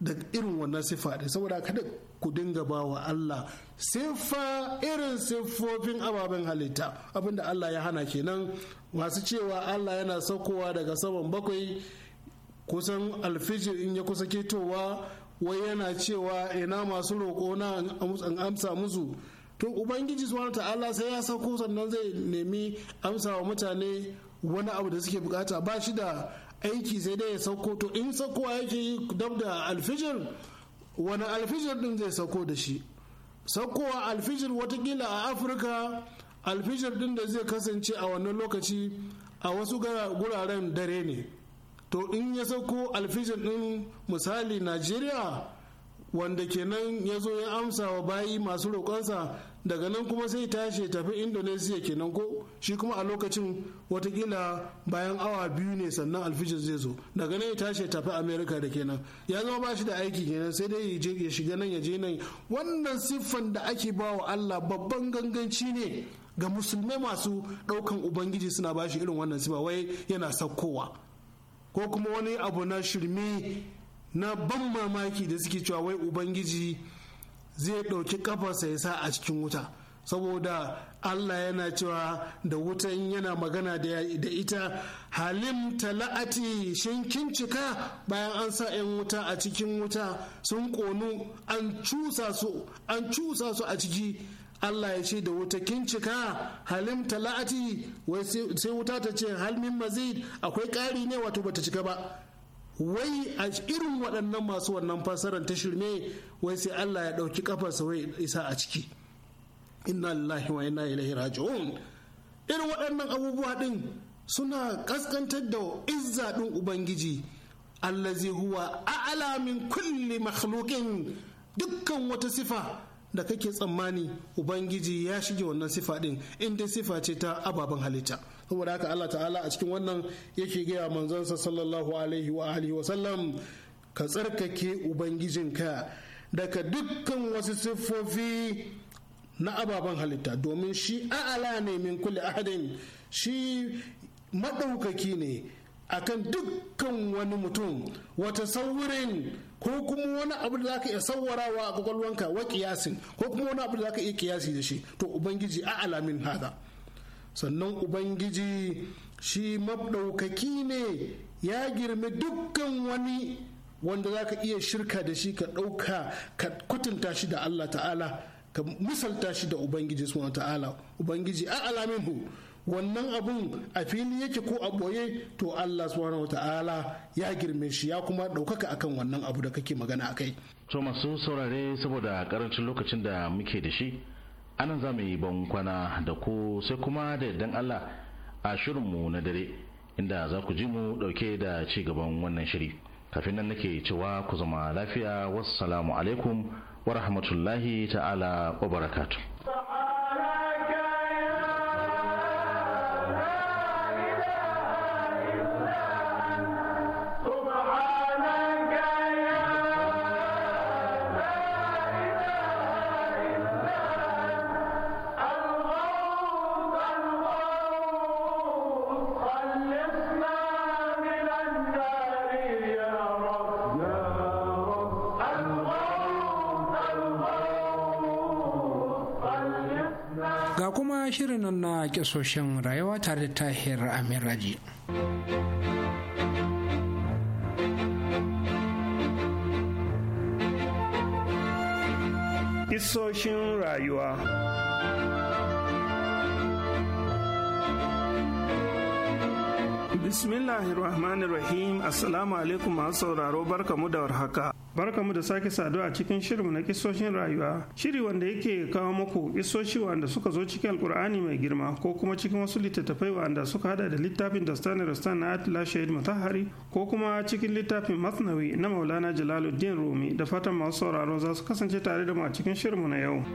da irin wannan siffa ɗin saboda kada ku dinga ba wa Allah siffa irin siffofin ababen halitta abinda Allah ya hana kenan masu cewa allah yana saukowa daga saman bakwai kusan alfijir in ya kusa ketowa wai yana cewa ina masu roƙo na an amsa musu to ubangiji subhanahu ta'ala sai ya sauko sannan zai nemi amsa wa mutane wani abu da suke bukata ba shi da aiki sai dai ya sauko to in saukowa yake yi dab da alfijir wani alfijir din zai sauko da shi saukowa alfijir watakila a afirka alfijir din da zai kasance a wannan lokaci a wasu guraren dare ne to in ya sauko alfijir din misali najeriya wanda kenan ya zo ya amsa wa bayi masu roƙonsa daga nan kuma sai tashi tafi indonesia kenan ko shi kuma a lokacin watakila bayan awa biyu ne sannan alfijir zai zo daga nan ya tashi tafi america da kenan ya zama ba shi da aiki kenan sai dai ya shiga nan ya je nan wannan siffan da ake ba wa allah babban ganganci ne ga musulmai masu ɗaukan ubangiji suna bashi irin wannan sifa wai yana saukowa ko kuma wani abu na shirme na ban mamaki da suke cewa wai ubangiji zai ɗauki kafarsa ya sa a cikin wuta saboda Allah yana cewa da wutan yana magana da ita halim tala'ati shin kin cika bayan an sa 'yan wuta a cikin wuta sun konu an cusa su a ciki Allah ya ce da wuta kin cika halim tala'ati wai sai wuta ta ce halmin mazid akwai ƙari ne wato bata cika ba wai a irin waɗannan masu wannan fasarar ta shirme wai sai Allah ya ɗauki sa wai isa a ciki inna lillahi wa inna ilaihi raji'un irin waɗannan abubuwa ɗin suna ƙasƙantar da izza ɗin ubangiji allazi huwa a'ala min kulli makhluqin dukkan wata sifa da kake tsammani ubangiji ya shige wannan sifa din in dai sifa ce ta ababen halitta saboda haka Allah ta'ala a cikin wannan yake gaya manzansa sallallahu alaihi wa alihi wa sallam ka tsarkake ubangijinka daga dukkan wasu siffofi na ababen halitta domin shi a'ala ne min kulli ahadin shi madaukaki ne akan dukkan wani mutum wata saurin ko kuma wani abu da za ka iya wa a kwakwalwanka wa kiyasin ko kuma wani abu da za ka iya kiyasi da shi to ubangiji a alamin hada sannan ubangiji shi maɗaukaki ne ya girmi dukkan wani wanda za ka iya shirka da shi ka ɗauka ka kwatanta shi da Allah ta'ala ka misalta shi da ubangiji suna ta'ala ubangiji a alamin hu wannan abun a fili yake ko a ɓoye to Allah subhanahu ta'ala ya girme shi ya kuma ɗaukaka akan wannan abu da kake magana a kai. To masu saurare saboda karancin lokacin da muke da shi anan za mu yi ban kwana da ku sai kuma da yardan Allah a shirinmu na dare inda za ku ji mu ɗauke da ci gaban wannan shiri. Kafin nan nake cewa ku zama lafiya wassalamu alaikum wa rahmatullahi ta'ala wa barakatuh. kisoshin rayuwa tare da tahir amin raji Isoshin rayuwa Bismillahirrahmanirrahim Assalamu alaikum masu sauraro barkamu da warhaka Barka mu da sake saduwa a cikin shirinmu na kisoshin rayuwa shiri wanda yake kawo muku kisoshi wanda suka zo cikin alkur'ani mai girma ko kuma cikin wasu littattafai wanda suka hada da littafin da Stanley rastan na atila shahid mutahari ko kuma cikin littafin masnawi na maulana jalaluddin rumi da fatan masu sauraro za su kasance tare da mu a cikin shirinmu na yau.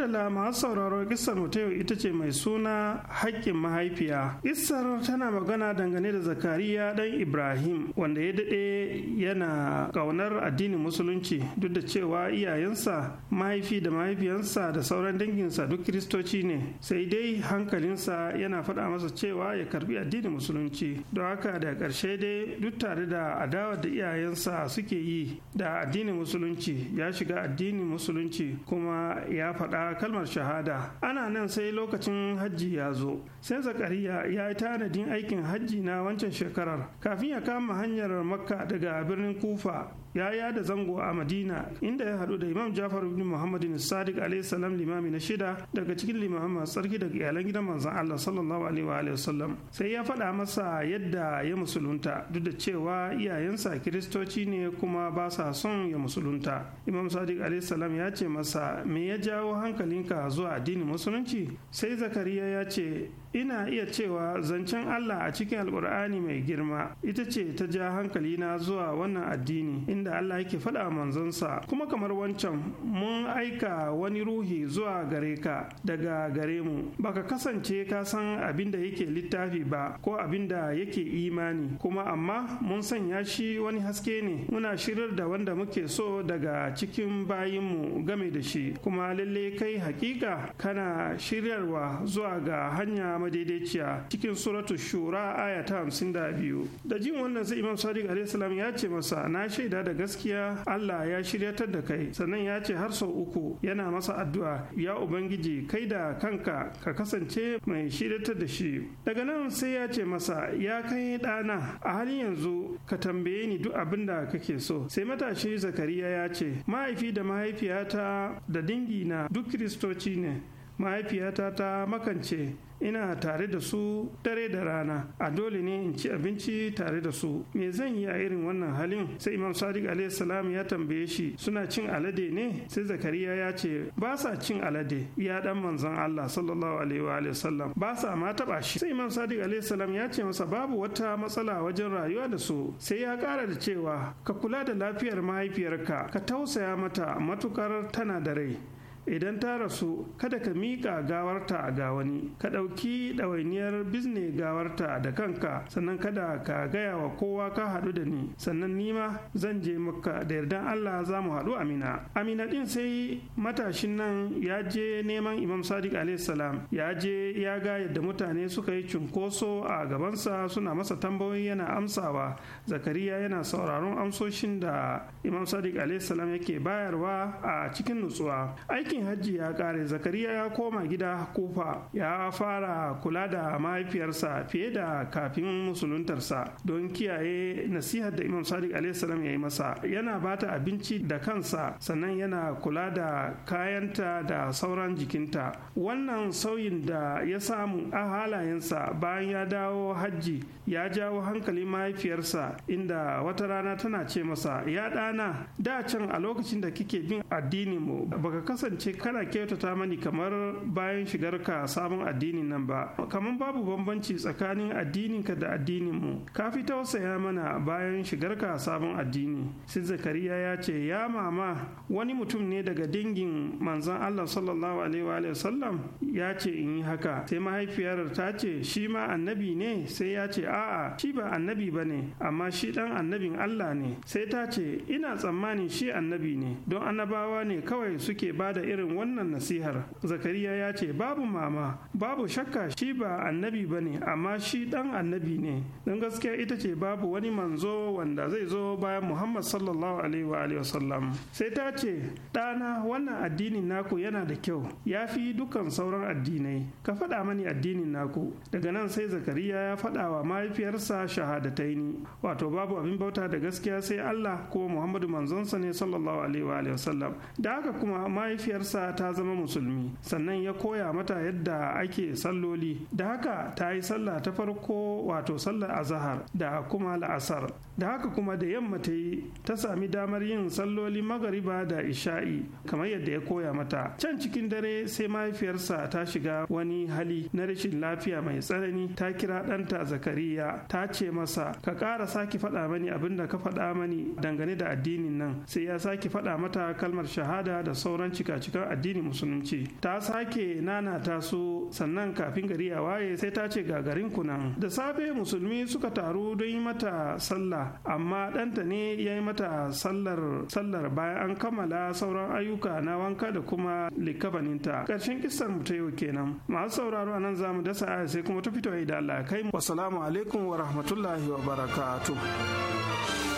adala masu sauraro kissar mu ta yau ita ce mai suna haƙƙin mahaifiya kisar tana magana dangane da zakariya dan ibrahim wanda ya daɗe yana ƙaunar addinin musulunci duk da cewa iyayensa mahaifi da mahaifiyansa da sauran danginsa duk kiristoci ne sai dai hankalinsa yana faɗa masa cewa ya karbi addinin musulunci don haka da ƙarshe dai duk tare da adawar da iyayensa suke yi da addinin musulunci ya shiga addinin musulunci kuma ya faɗa kalmar shahada ana nan sai lokacin hajji ya zo sai zakariya ya yi tanadin aikin hajji na wancan shekarar kafin ya kama hanyar makka daga birnin kufa ya yada zango a madina inda ya haɗu da imam jafar ibn muhammadin sadiq alaihi salam limami na shida daga cikin limamin masu tsarki daga iyalan gidan manzon allah sallallahu alaihi wa sallam sai ya faɗa masa yadda ya musulunta duk da cewa iyayensa kiristoci ne kuma ba sa son ya musulunta imam sadiq alaihi salam ya ce masa me ya jawo hankalinka zuwa addinin musulunci sai zakariya ya ce ina iya cewa zancen Allah a cikin alkur'ani mai girma ita ce ta ja hankali na zuwa wannan addini inda Allah yake faɗa manzonsa kuma kamar wancan mun aika wani ruhi zuwa gare ka daga gare mu baka kasance ka san abin da yake littafi ba ko abin da yake imani kuma amma mun sanya shi wani haske ne muna shirar da wanda muke so daga cikin bayinmu game da shi kuma lalle kai hakika kana shiryarwa zuwa ga hanya madaidaiciya cikin suratu shura aya ta hamsin da biyu da jin wannan sai imam sadiq alaihissalam ya ce masa na shaida da gaskiya allah ya shiryatar da kai sannan ya ce har sau uku yana masa addu'a ya ubangiji kai da kanka ka kasance mai shiryatar da shi daga nan sai ya ce masa ya kai ɗana a halin yanzu ka tambaye ni duk abin da kake so sai matashi zakariya ya ce mahaifi da mahaifiyata da dingi na duk kiristoci ne mahaifiyata ta makance ina tare da su dare da rana a dole ne in ci abinci tare da su me zan yi a irin wannan halin sai imam sadiq alaihi ya tambaye shi suna cin alade ne sai zakariya ya ce ba sa cin alade ya dan manzon Allah sallallahu alaihi wa ba sa ma taba shi sai imam sadiq alaihi ya ce masa babu wata matsala wajen rayuwa da su sai ya kara da cewa ka kula da lafiyar mahaifiyarka ka tausaya mata matukar tana da rai idan ta rasu kada ka miƙa gawarta ga wani ka ɗauki ɗawainiyar bizne gawarta da kanka sannan kada ka gaya wa kowa ka haɗu da ni sannan nima zan je maka da yardan Allah za mu haɗu amina amina ɗin sai matashin nan ya je neman imam sadiq salam ya je ya ga yadda mutane suka yi cunkoso a gabansa suna masa tambayoyi yana amsawa zakariya yana sauraron amsoshin da imam sadiq salam yake bayarwa a cikin nutsuwa aikin aikin hajji ya kare zakariya ya koma gida kufa ya fara kula da mahaifiyarsa fiye da kafin musuluntarsa don kiyaye nasihar da imam sadiq alaihissalam ya yi masa yana bata abinci da kansa sannan yana kula da kayanta da sauran jikinta wannan sauyin da ya samu a halayensa bayan ya dawo hajji ya jawo hankali mahaifiyarsa inda wata rana tana ce masa ya ɗana da can a lokacin da kike bin addinin mu baka kasance ce kana kyautata mani kamar bayan shigar ka sabon addinin nan ba kamar babu bambanci tsakanin addininka da addinin mu ka fi tausaya mana bayan shigar ka sabon addini sai zakariya ya ce ya mama wani mutum ne daga dingin manzon Allah sallallahu alaihi wa sallam ya ce in yi haka sai mahaifiyar ta ce shi ma annabi ne sai ya ce a'a shi ba annabi bane amma shi dan annabin Allah ne sai ta ce ina tsammanin shi annabi ne don annabawa ne kawai suke bada irin irin wannan nasihar zakariya ya ce babu mama babu shakka shi ba annabi ba ne amma shi dan annabi ne don gaskiya ita ce babu wani manzo wanda zai zo bayan muhammad sallallahu alaihi wa wasallam sai ta ce ɗana wannan addinin naku yana da kyau ya fi dukan sauran addinai ka faɗa mani addinin naku daga nan sai zakariya ya faɗa wa mahaifiyarsa shahadataini wato babu abin bauta da gaskiya sai allah ko muhammadu manzonsa ne sallallahu alaihi wa sallam da haka kuma mahaifiyar mahaifiyarsa ta zama musulmi sannan ya koya mata yadda ake salloli da haka ta yi sallah ta farko wato sallar azahar da kuma la'asar da haka kuma da yamma ta yi ta sami damar yin salloli magariba da isha'i kamar yadda ya koya mata can cikin dare sai mahaifiyarsa ta shiga wani hali na rashin lafiya mai tsanani ta kira ɗanta zakariya ta ce masa ka ƙara sake faɗa mani abin da ka faɗa mani dangane da addinin nan sai ya sake faɗa mata kalmar shahada da sauran cikaci cikin addinin musulunci ta sake nana ta su sannan kafin gari ya waye sai ta ce ga garin kunan da safe musulmi suka taru don yi mata sallah amma ɗanta ne ya yi mata sallar sallar bayan an kammala sauran ayyuka na wanka da kuma likabaninta. ƙarshen kissar mu ta yau kenan masu sauraro a nan za mu dasa aya sai kuma ta fito idan Allah kai mu wasalamu alaikum wa rahmatullahi wa barakatuh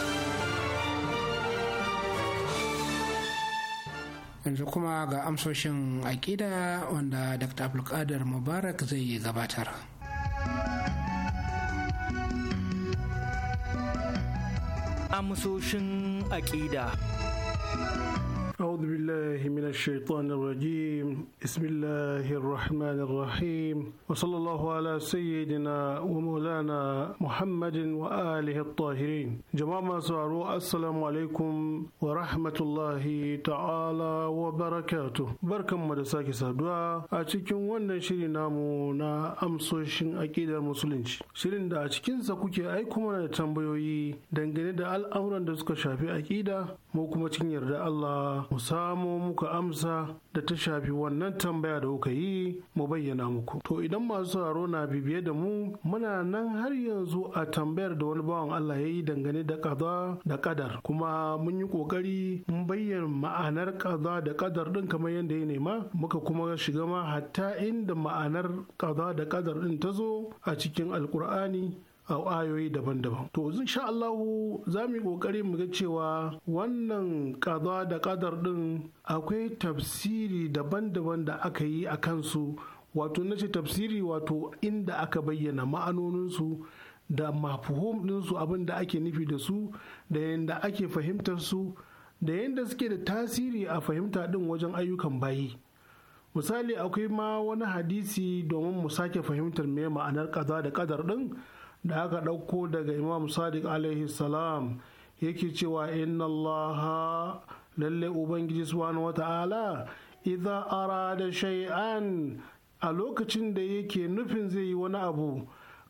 yanzu kuma ga amsoshin aƙida wanda dr abdulkadir mubarak zai gabatar amsoshin aƙida أعوذ بالله من الشيطان الرجيم بسم الله الرحمن الرحيم وصلى الله على سيدنا ومولانا محمد وآله الطاهرين جماعة سعروا السلام عليكم ورحمة الله تعالى وبركاته بركة مدساك سادوا أتكين وانا شرنا مونا أمسوشن أكيد المسلمين شرين دا أتكين سكوكي أيكم وانا تنبيوي دنجني دا الأمر دا سكشافي أكيدا موكما تنير دا الله mu samo muku amsa da ta shafi wannan tambaya da kuka yi mu bayyana muku to idan masu sauraro na bibiye da mu muna nan har yanzu a tambayar da wani bawan Allah ya yi dangane da kaza da kadar kuma mun yi kokari mun bayyana ma'anar kaza da kadar din kamar yadda ya nema muka kuma shiga ma hatta inda ma'anar kaza da kadar din ta zo a cikin alkur'ani a ayoyi daban-daban to insha Allahu za mu yi kokari mu ga cewa wannan kaza da kadar ɗin akwai tafsiri daban-daban da aka yi a kansu wato na ce tafsiri wato inda aka bayyana ma'anoninsu da mafuhum ɗinsu abin da ake nufi da su da yadda ake fahimtar su da yadda suke da tasiri a fahimta ɗin wajen ayyukan bayi misali akwai ma wani hadisi domin mu sake fahimtar me ma'anar kaza da kadar ɗin da aka ɗauko daga imam sadiq alaihi salam yake cewa inna allaha lalle ubangiji subhanahu wata'ala idza arada shay'an a lokacin da yake nufin zai yi wani abu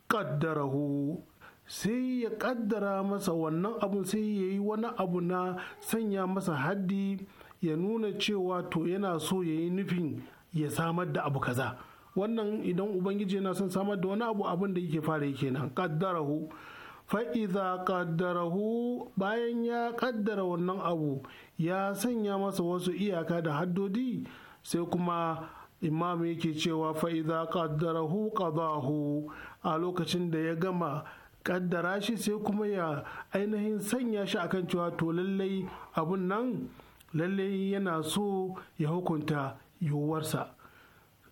kaddarahu sai ya kaddara masa wannan abu sai ya yi wani abu na sanya masa haddi ya nuna cewa to yana so ya yi nufin ya samar da abu kaza wannan idan ubangiji yana son samar da wani abu abin da yake fara yake nan kaddarahu fa'iza kaddarahu bayan ya kaddara wannan abu ya sanya masa wasu iyaka da haddodi sai kuma imamu yake cewa fa'iza kaddarahu qadahu a lokacin da ya gama kaddara shi sai kuma ya ainihin sanya shi akan cewa to lallai abun nan lallai yana so ya hukunta yiwuwarsa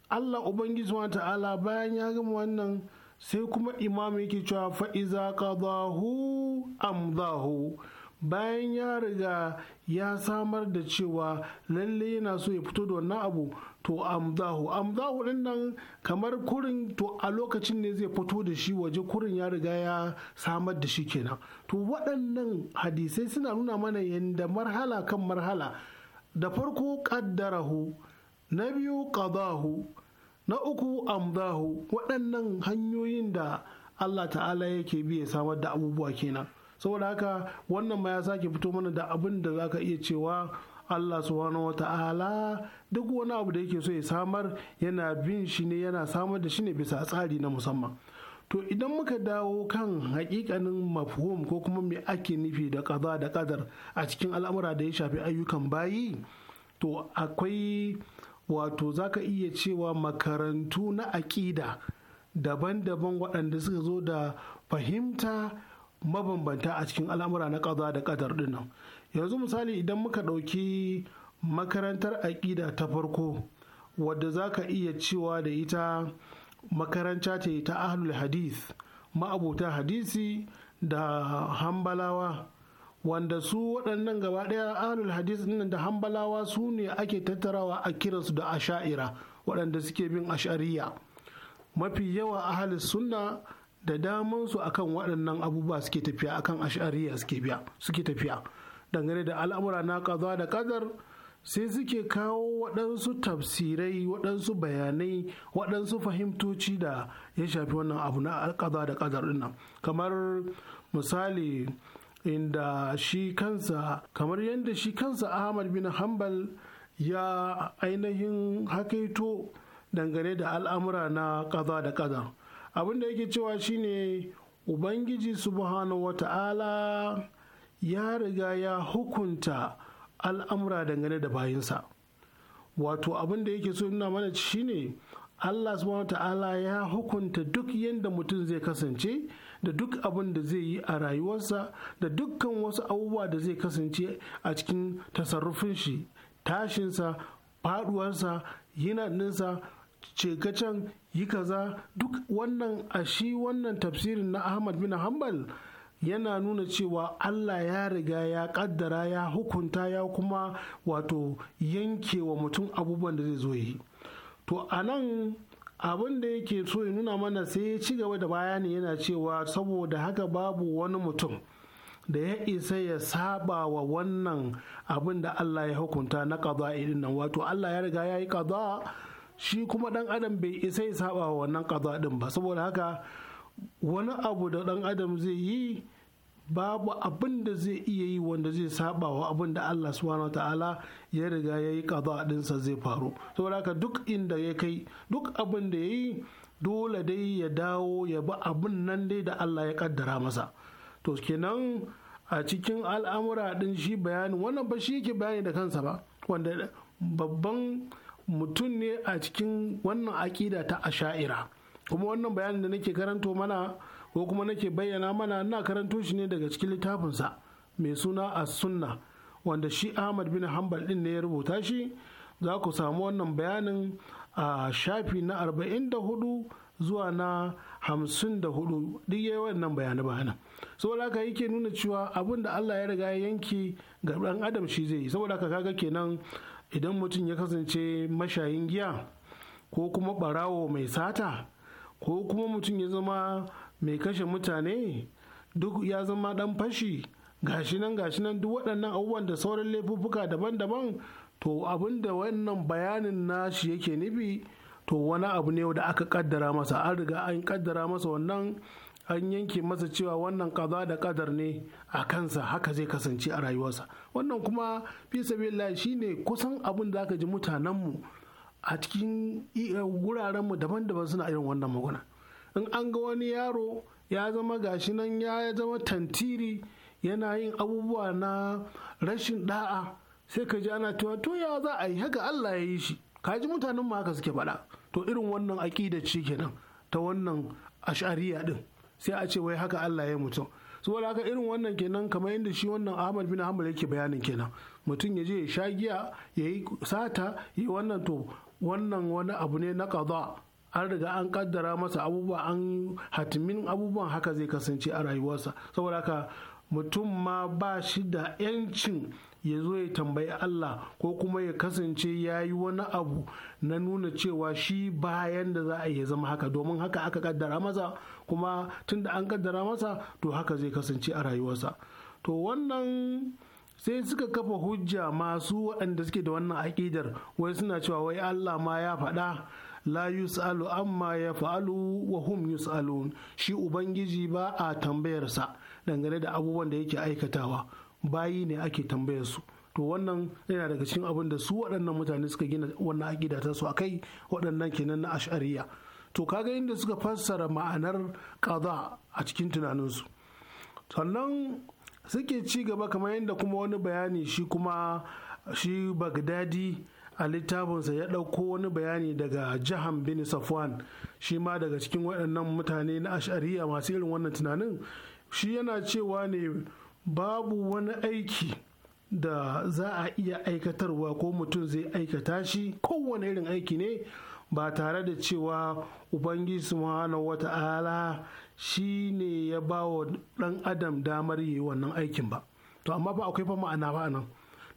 Allah Ubangiji wa ta'ala bayan ya gama wannan sai kuma imam yake cewa fa'iza qadahu amdahu bayan ya riga ya samar da cewa lalle yana so ya fito da wannan abu to amdahu amdahu din nan kamar kurin to a lokacin ne zai fito da shi waje kurin ya riga ya samar da shi kenan to waɗannan hadisai suna nuna mana yadda marhala kan marhala da farko ƙaddarahu na biyu qadahu na uku amdahu waɗannan hanyoyin da Allah ta'ala yake bi ya samar da abubuwa kenan saboda haka wannan ma ya sake fito mana da abin da za ka iya cewa Allah subhanahu wa ta'ala duk wani abu da yake so ya samar yana bin shi ne yana samar da shi ne bisa tsari na musamman to idan muka dawo kan hakikanin mafhum ko kuma me ake nufi da kaza da kadar a cikin al'amura da ya shafi ayyukan bayi to akwai wato zaka iya cewa makarantu na aƙida daban-daban waɗanda suka zo da fahimta mabambanta a cikin al'amura na ƙaza da ƙadar dinnan yanzu misali idan muka ɗauki makarantar aƙida ta farko wadda za ka iya cewa da ita makaranta ce ta ahlul hadith ma'abuta hadisi da hambalawa wanda su waɗannan gaba ɗaya ahlul hadis ɗin da hambalawa su ne ake tattarawa a kiransu da asha'ira waɗanda suke bin ashariya mafi yawa ahalus sunna da daman su akan waɗannan abubuwa suke tafiya akan ashariya suke tafiya dangane da al'amura na kaza da ƙazar, sai suke kawo waɗansu tafsirai waɗansu bayanai waɗansu fahimtoci da ya shafi wannan abu na kaza da kadar ɗin kamar misali inda shi kansa kamar yadda shi kansa ahmad bin hanbal ya ainihin hakaito dangane da al'amura na kaza da kaza abinda yake cewa shine ubangiji subhanahu wata'ala ya riga ya hukunta al'amura dangane da bayinsa wato abinda yake so nuna mana shine allah subhanahu wata'ala ya hukunta duk yadda mutum zai kasance da duk abin da zai yi a rayuwarsa da dukkan wasu abubuwa da zai kasance a cikin tasarrufin shi tashinsa faduwarsa yinaninsa cekacen yi kaza duk wannan a shi wannan tafsirin na ahmad bin hanbal yana nuna cewa Allah ya riga ya kaddara ya hukunta ya kuma wato yanke wa mutum abubuwan da zai zo yi to a abin da yake so ya nuna mana sai ya ci gaba da bayani yana cewa saboda haka babu wani mutum da ya isa ya saba wa wannan abin da Allah ya hukunta na kaza irin nan wato Allah ya riga ya yi kaza shi kuma dan adam bai isa ya saba wa wannan kaza din ba saboda haka wani abu da dan adam zai yi babu abin da zai iya yi wanda zai saba wa abin da Allah subhanahu ta'ala ya riga ya yi kaza dinsa zai faru saboda haka duk inda ya kai duk abin da ya yi dole dai ya dawo ya bi abin nan dai da Allah ya kaddara masa to kenan a cikin al'amura din shi bayani wannan ba shi yake bayani da kansa ba wanda babban mutum ne a cikin wannan aƙida ta asha'ira kuma wannan bayanin da nake karanto mana ko kuma nake bayyana mana ina karanto shi ne daga cikin littafinsa mai suna as-sunna wanda shi ahmad bin hanbal din ne ya rubuta shi za ku samu wannan bayanin a shafi na 44 zuwa na 54 duk yayi wannan bayani bayana saboda haka yake nuna cewa abin da Allah ya riga ya yanki ga dan adam shi zai yi saboda haka kaga kenan idan mutum ya kasance mashayin giya ko kuma barawo mai sata ko kuma mutum ya zama mai kashe mutane duk ya zama dan fashi gashi nan duk waɗannan abubuwan da sauran laifuffuka daban-daban to abin da wannan bayanin nashi yake nufi to wani abu ne da aka kaddara masa an riga an kaddara masa wannan an yanke masa cewa wannan kaza da kadar ne a kansa haka zai kasance a rayuwarsa wannan kuma fi sabilillah shine kusan abin da aka ji mutanenmu a cikin eh, wurarenmu daban-daban suna irin wannan magana in an ga wani yaro ya zama gashi nan ya zama tantiri yana yin abubuwa na rashin da'a sai ka ji ana cewa to ya za a yi haka Allah ya yi shi ka ji mutanen ma haka suke faɗa to irin wannan aƙida ce kenan ta wannan ash'ariya din sai a ce wai haka Allah ya mutum saboda haka irin wannan kenan kamar yadda shi wannan Ahmad bin Hanbal yake bayanin kenan mutum ya je ya sha giya ya yi sata ya wannan to wannan wani abu ne na qada an riga an kaddara masa abubuwa an hatimin abubuwan haka zai kasance a rayuwarsa saboda haka mutum ma ba shi da 'yancin ya zo ya tambayi Allah ko kuma ya kasance ya yi wani abu na nuna cewa shi bayan da za a yi zama haka domin haka aka kaddara masa kuma tun da an kaddara masa to haka zai kasance a rayuwarsa to wannan sai suka kafa hujja masu waɗanda suke da wannan aƙidar wai suna cewa wai Allah ma ya faɗa la yus'alu amma ya fa'alu wa hum yus'alun shi ubangiji ba a tambayarsa dangane da abubuwan da yake aikatawa bayi ne ake su to wannan yana daga cikin abin da su waɗannan mutane suka gina wannan akida ta su akai waɗannan kenan na ash'ariya to kaga inda suka fassara ma'anar qada a cikin tunanin su sannan suke ci gaba kamar yadda kuma wani bayani shi kuma shi bagdadi a littafinsa ya ɗauko wani bayani daga jahan bin safwan shi ma daga cikin waɗannan mutane na ashariya masu irin wannan tunanin shi yana cewa ne babu wani aiki da za a iya aikatarwa ko mutum zai aikata shi kowane irin aiki ne ba tare da cewa ubangiji subhanahu wata'ala shi ne ya ba wa ɗan adam damar yi wannan aikin ba to amma ba akwai fa ma'ana ba nan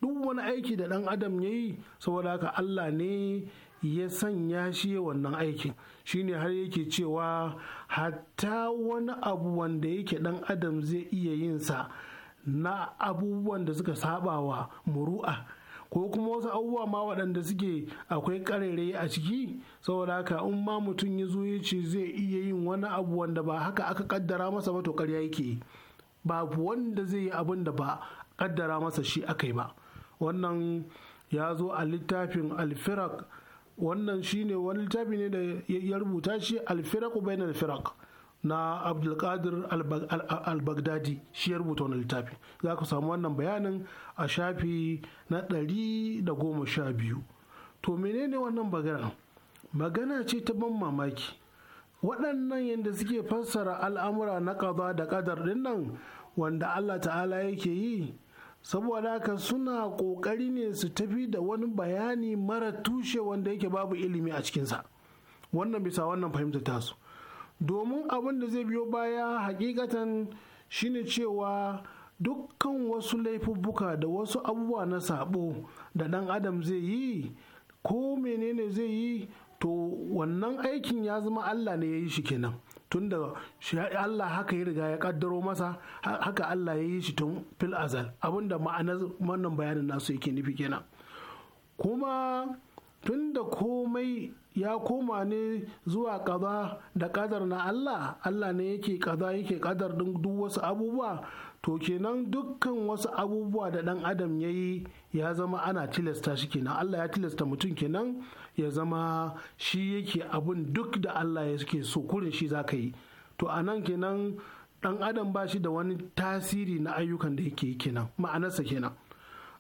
duk wani aiki da ɗan adam ya yi saboda haka Allah ne ya sanya shi wannan aikin shine har yake cewa hatta wani abu wanda yake ɗan adam zai iya yin sa na abubuwan da suka sabawa muru'a ko kuma wasu abubuwa ma waɗanda suke akwai ƙarairayi a ciki saboda haka in ma mutum ya zo ya ce zai iya yin wani abu wanda ba haka aka kaddara masa ba to ƙarya yake babu wanda zai yi abin da ba kaddara masa shi aka yi ba wannan ya zo a littafin alfirak wannan shine wani littafi ne da ya rubuta shi alfirak bayan alfirak na abdulkadir al-baghdadi shi ya rubuta wani littafi za ku samu wannan bayanin a shafi na ɗari da goma sha biyu to menene wannan magana magana ce ta ban mamaki waɗannan yadda suke fassara al'amura na kaza da ƙadar ɗin nan wanda allah ta'ala yake yi saboda haka suna ƙoƙari ne su tafi da wani bayani mara tushe wanda yake babu ilimi a cikinsa wannan bisa wannan fahimta tasu domin abin da zai biyo baya hakikatan shine cewa dukkan wasu laifuffuka da wasu abubuwa na sabo da ɗan adam zai yi ko menene zai yi to wannan aikin ya zama allah ne ya yi shi kenan Tun da Allah haka ya riga ya kaddaro masa haka Allah ya yi shi tun fil azal abinda ma'anar wannan bayanin nasu yake nufi kenan kuma tun da komai ya koma ne zuwa kaza da kadar na Allah Allah ne yake kaza yake kadar din duk wasu abubuwa to kenan dukkan wasu abubuwa da dan adam ya yi ya zama ana tilasta shi kenan Allah ya tilasta mutum kenan ya zama shi yake abun duk da Allah ya suke so kurin shi za ka yi to a nan kenan dan adam ba shi da wani tasiri na ayyukan da yake kenan ma'anarsa kenan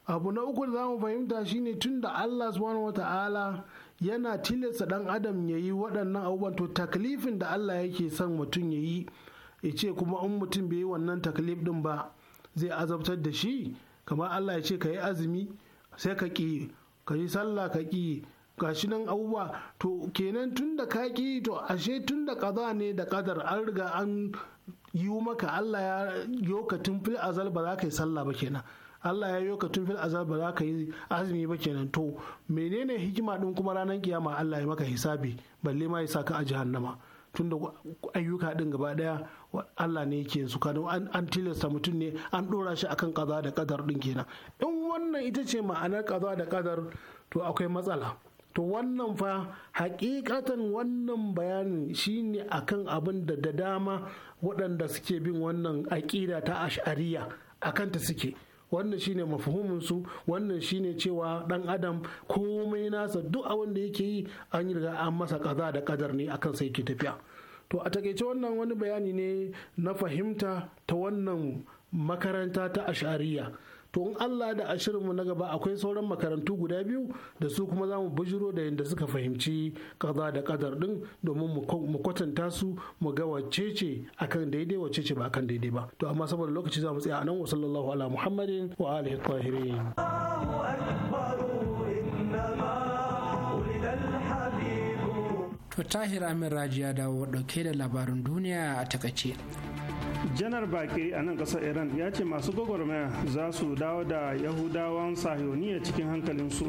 abu na uku da za mu fahimta shine tun da Allah subhanahu yana tilasta dan adam ya yi waɗannan abubuwan to taklifin da Allah yake son mutum ya yi ya ce kuma in mutum bai yi wannan taklif din ba zai azabtar da shi kamar Allah ya ce ka yi azumi sai ka ƙi ka yi sallah ka ƙi gashi nan abubuwa to kenan tun da ka ƙi to ashe tun da ƙaza ne da ƙadar an riga an yi maka Allah ya yoka tun fil azal ba za ka yi sallah ba kenan Allah ya yoka tun fil azal ba za ka yi azumi ba kenan to menene hikima din kuma ranar kiyama Allah ya maka hisabi balle ma ya sa ka a jahannama tunda ayyuka din gaba daya Allah ne yake su kano an tilasta mutum ne an dora shi akan kaza da kadar din kenan in wannan ita ce ma'anar kaza da kadar to akwai matsala to wannan fa hakikatan wannan bayanin shine akan abin da da dama waɗanda suke bin wannan aƙida ta ash'ariya akanta suke wannan shine mafhumin su wannan shine cewa dan adam komai nasa duk abin da yake yi an yi riga an masa kaza da kadar ne akan sai ke tafiya to a takaice wannan wani bayani ne na fahimta ta wannan makaranta ta ashariya to in Allah da ashirinmu na gaba akwai sauran makarantu guda biyu da su kuma za mu bujiro da yadda suka fahimci kaza da kadar din domin mu kwatanta su mu ga wacece akan daidai wacece ba akan daidai ba to amma saboda lokaci za mu tsaya nan wa sallallahu ala muhammadin wa alihi tahirin To Tahir Amin Raji ya dawo dauke da labarin duniya a takaice. janar bakiri a nan kasar iran ya ce masu gwagwarmaya za su dawo da yahudawan a cikin hankalinsu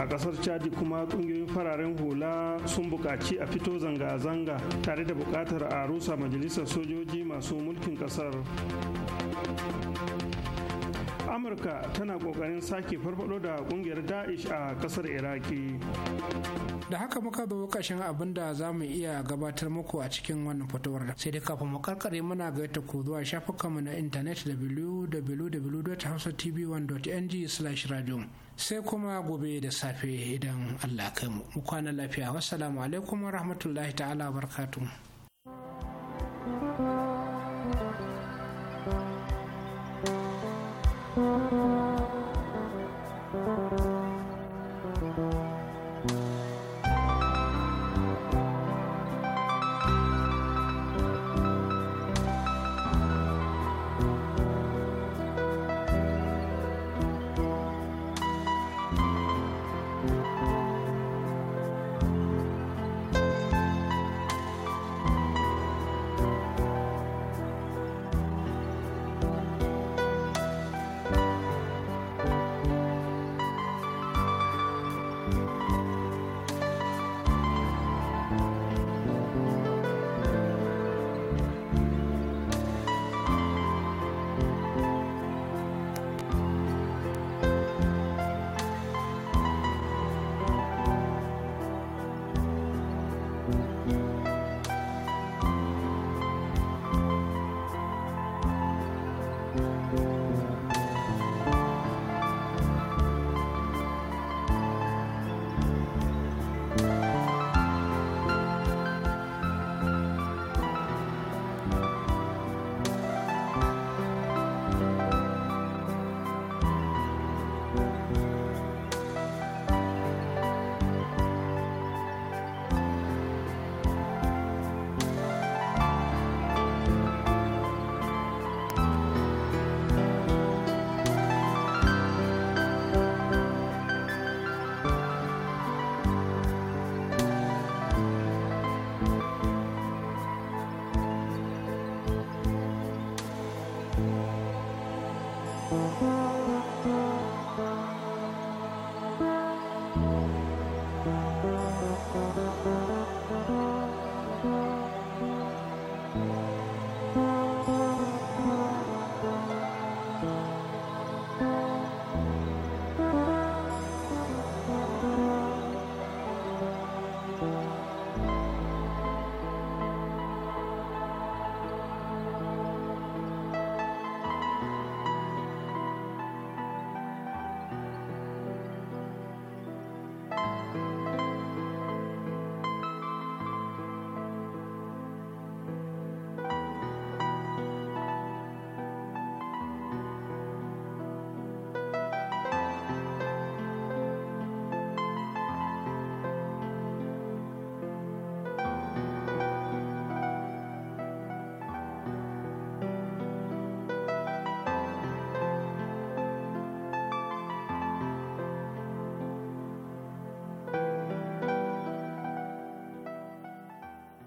a kasar chadi kuma kungiyoyin fararen hula sun buƙaci a fito zanga-zanga tare da buƙatar a rusa majalisar sojoji masu mulkin kasar amurka tana kokarin sake farfado da kungiyar daesh a kasar iraki da haka muka bi kashin abin da za mu iya gabatar muku a cikin wannan fitowar sai dai kafin mu karkare muna ga ta ku zuwa shafukanmu na intanet www.hausatv1.ng/radio sai kuma gobe da safe idan Allah kai mu mu kwana lafiya wassalamu alaikum wa rahmatullahi ta'ala barkatu.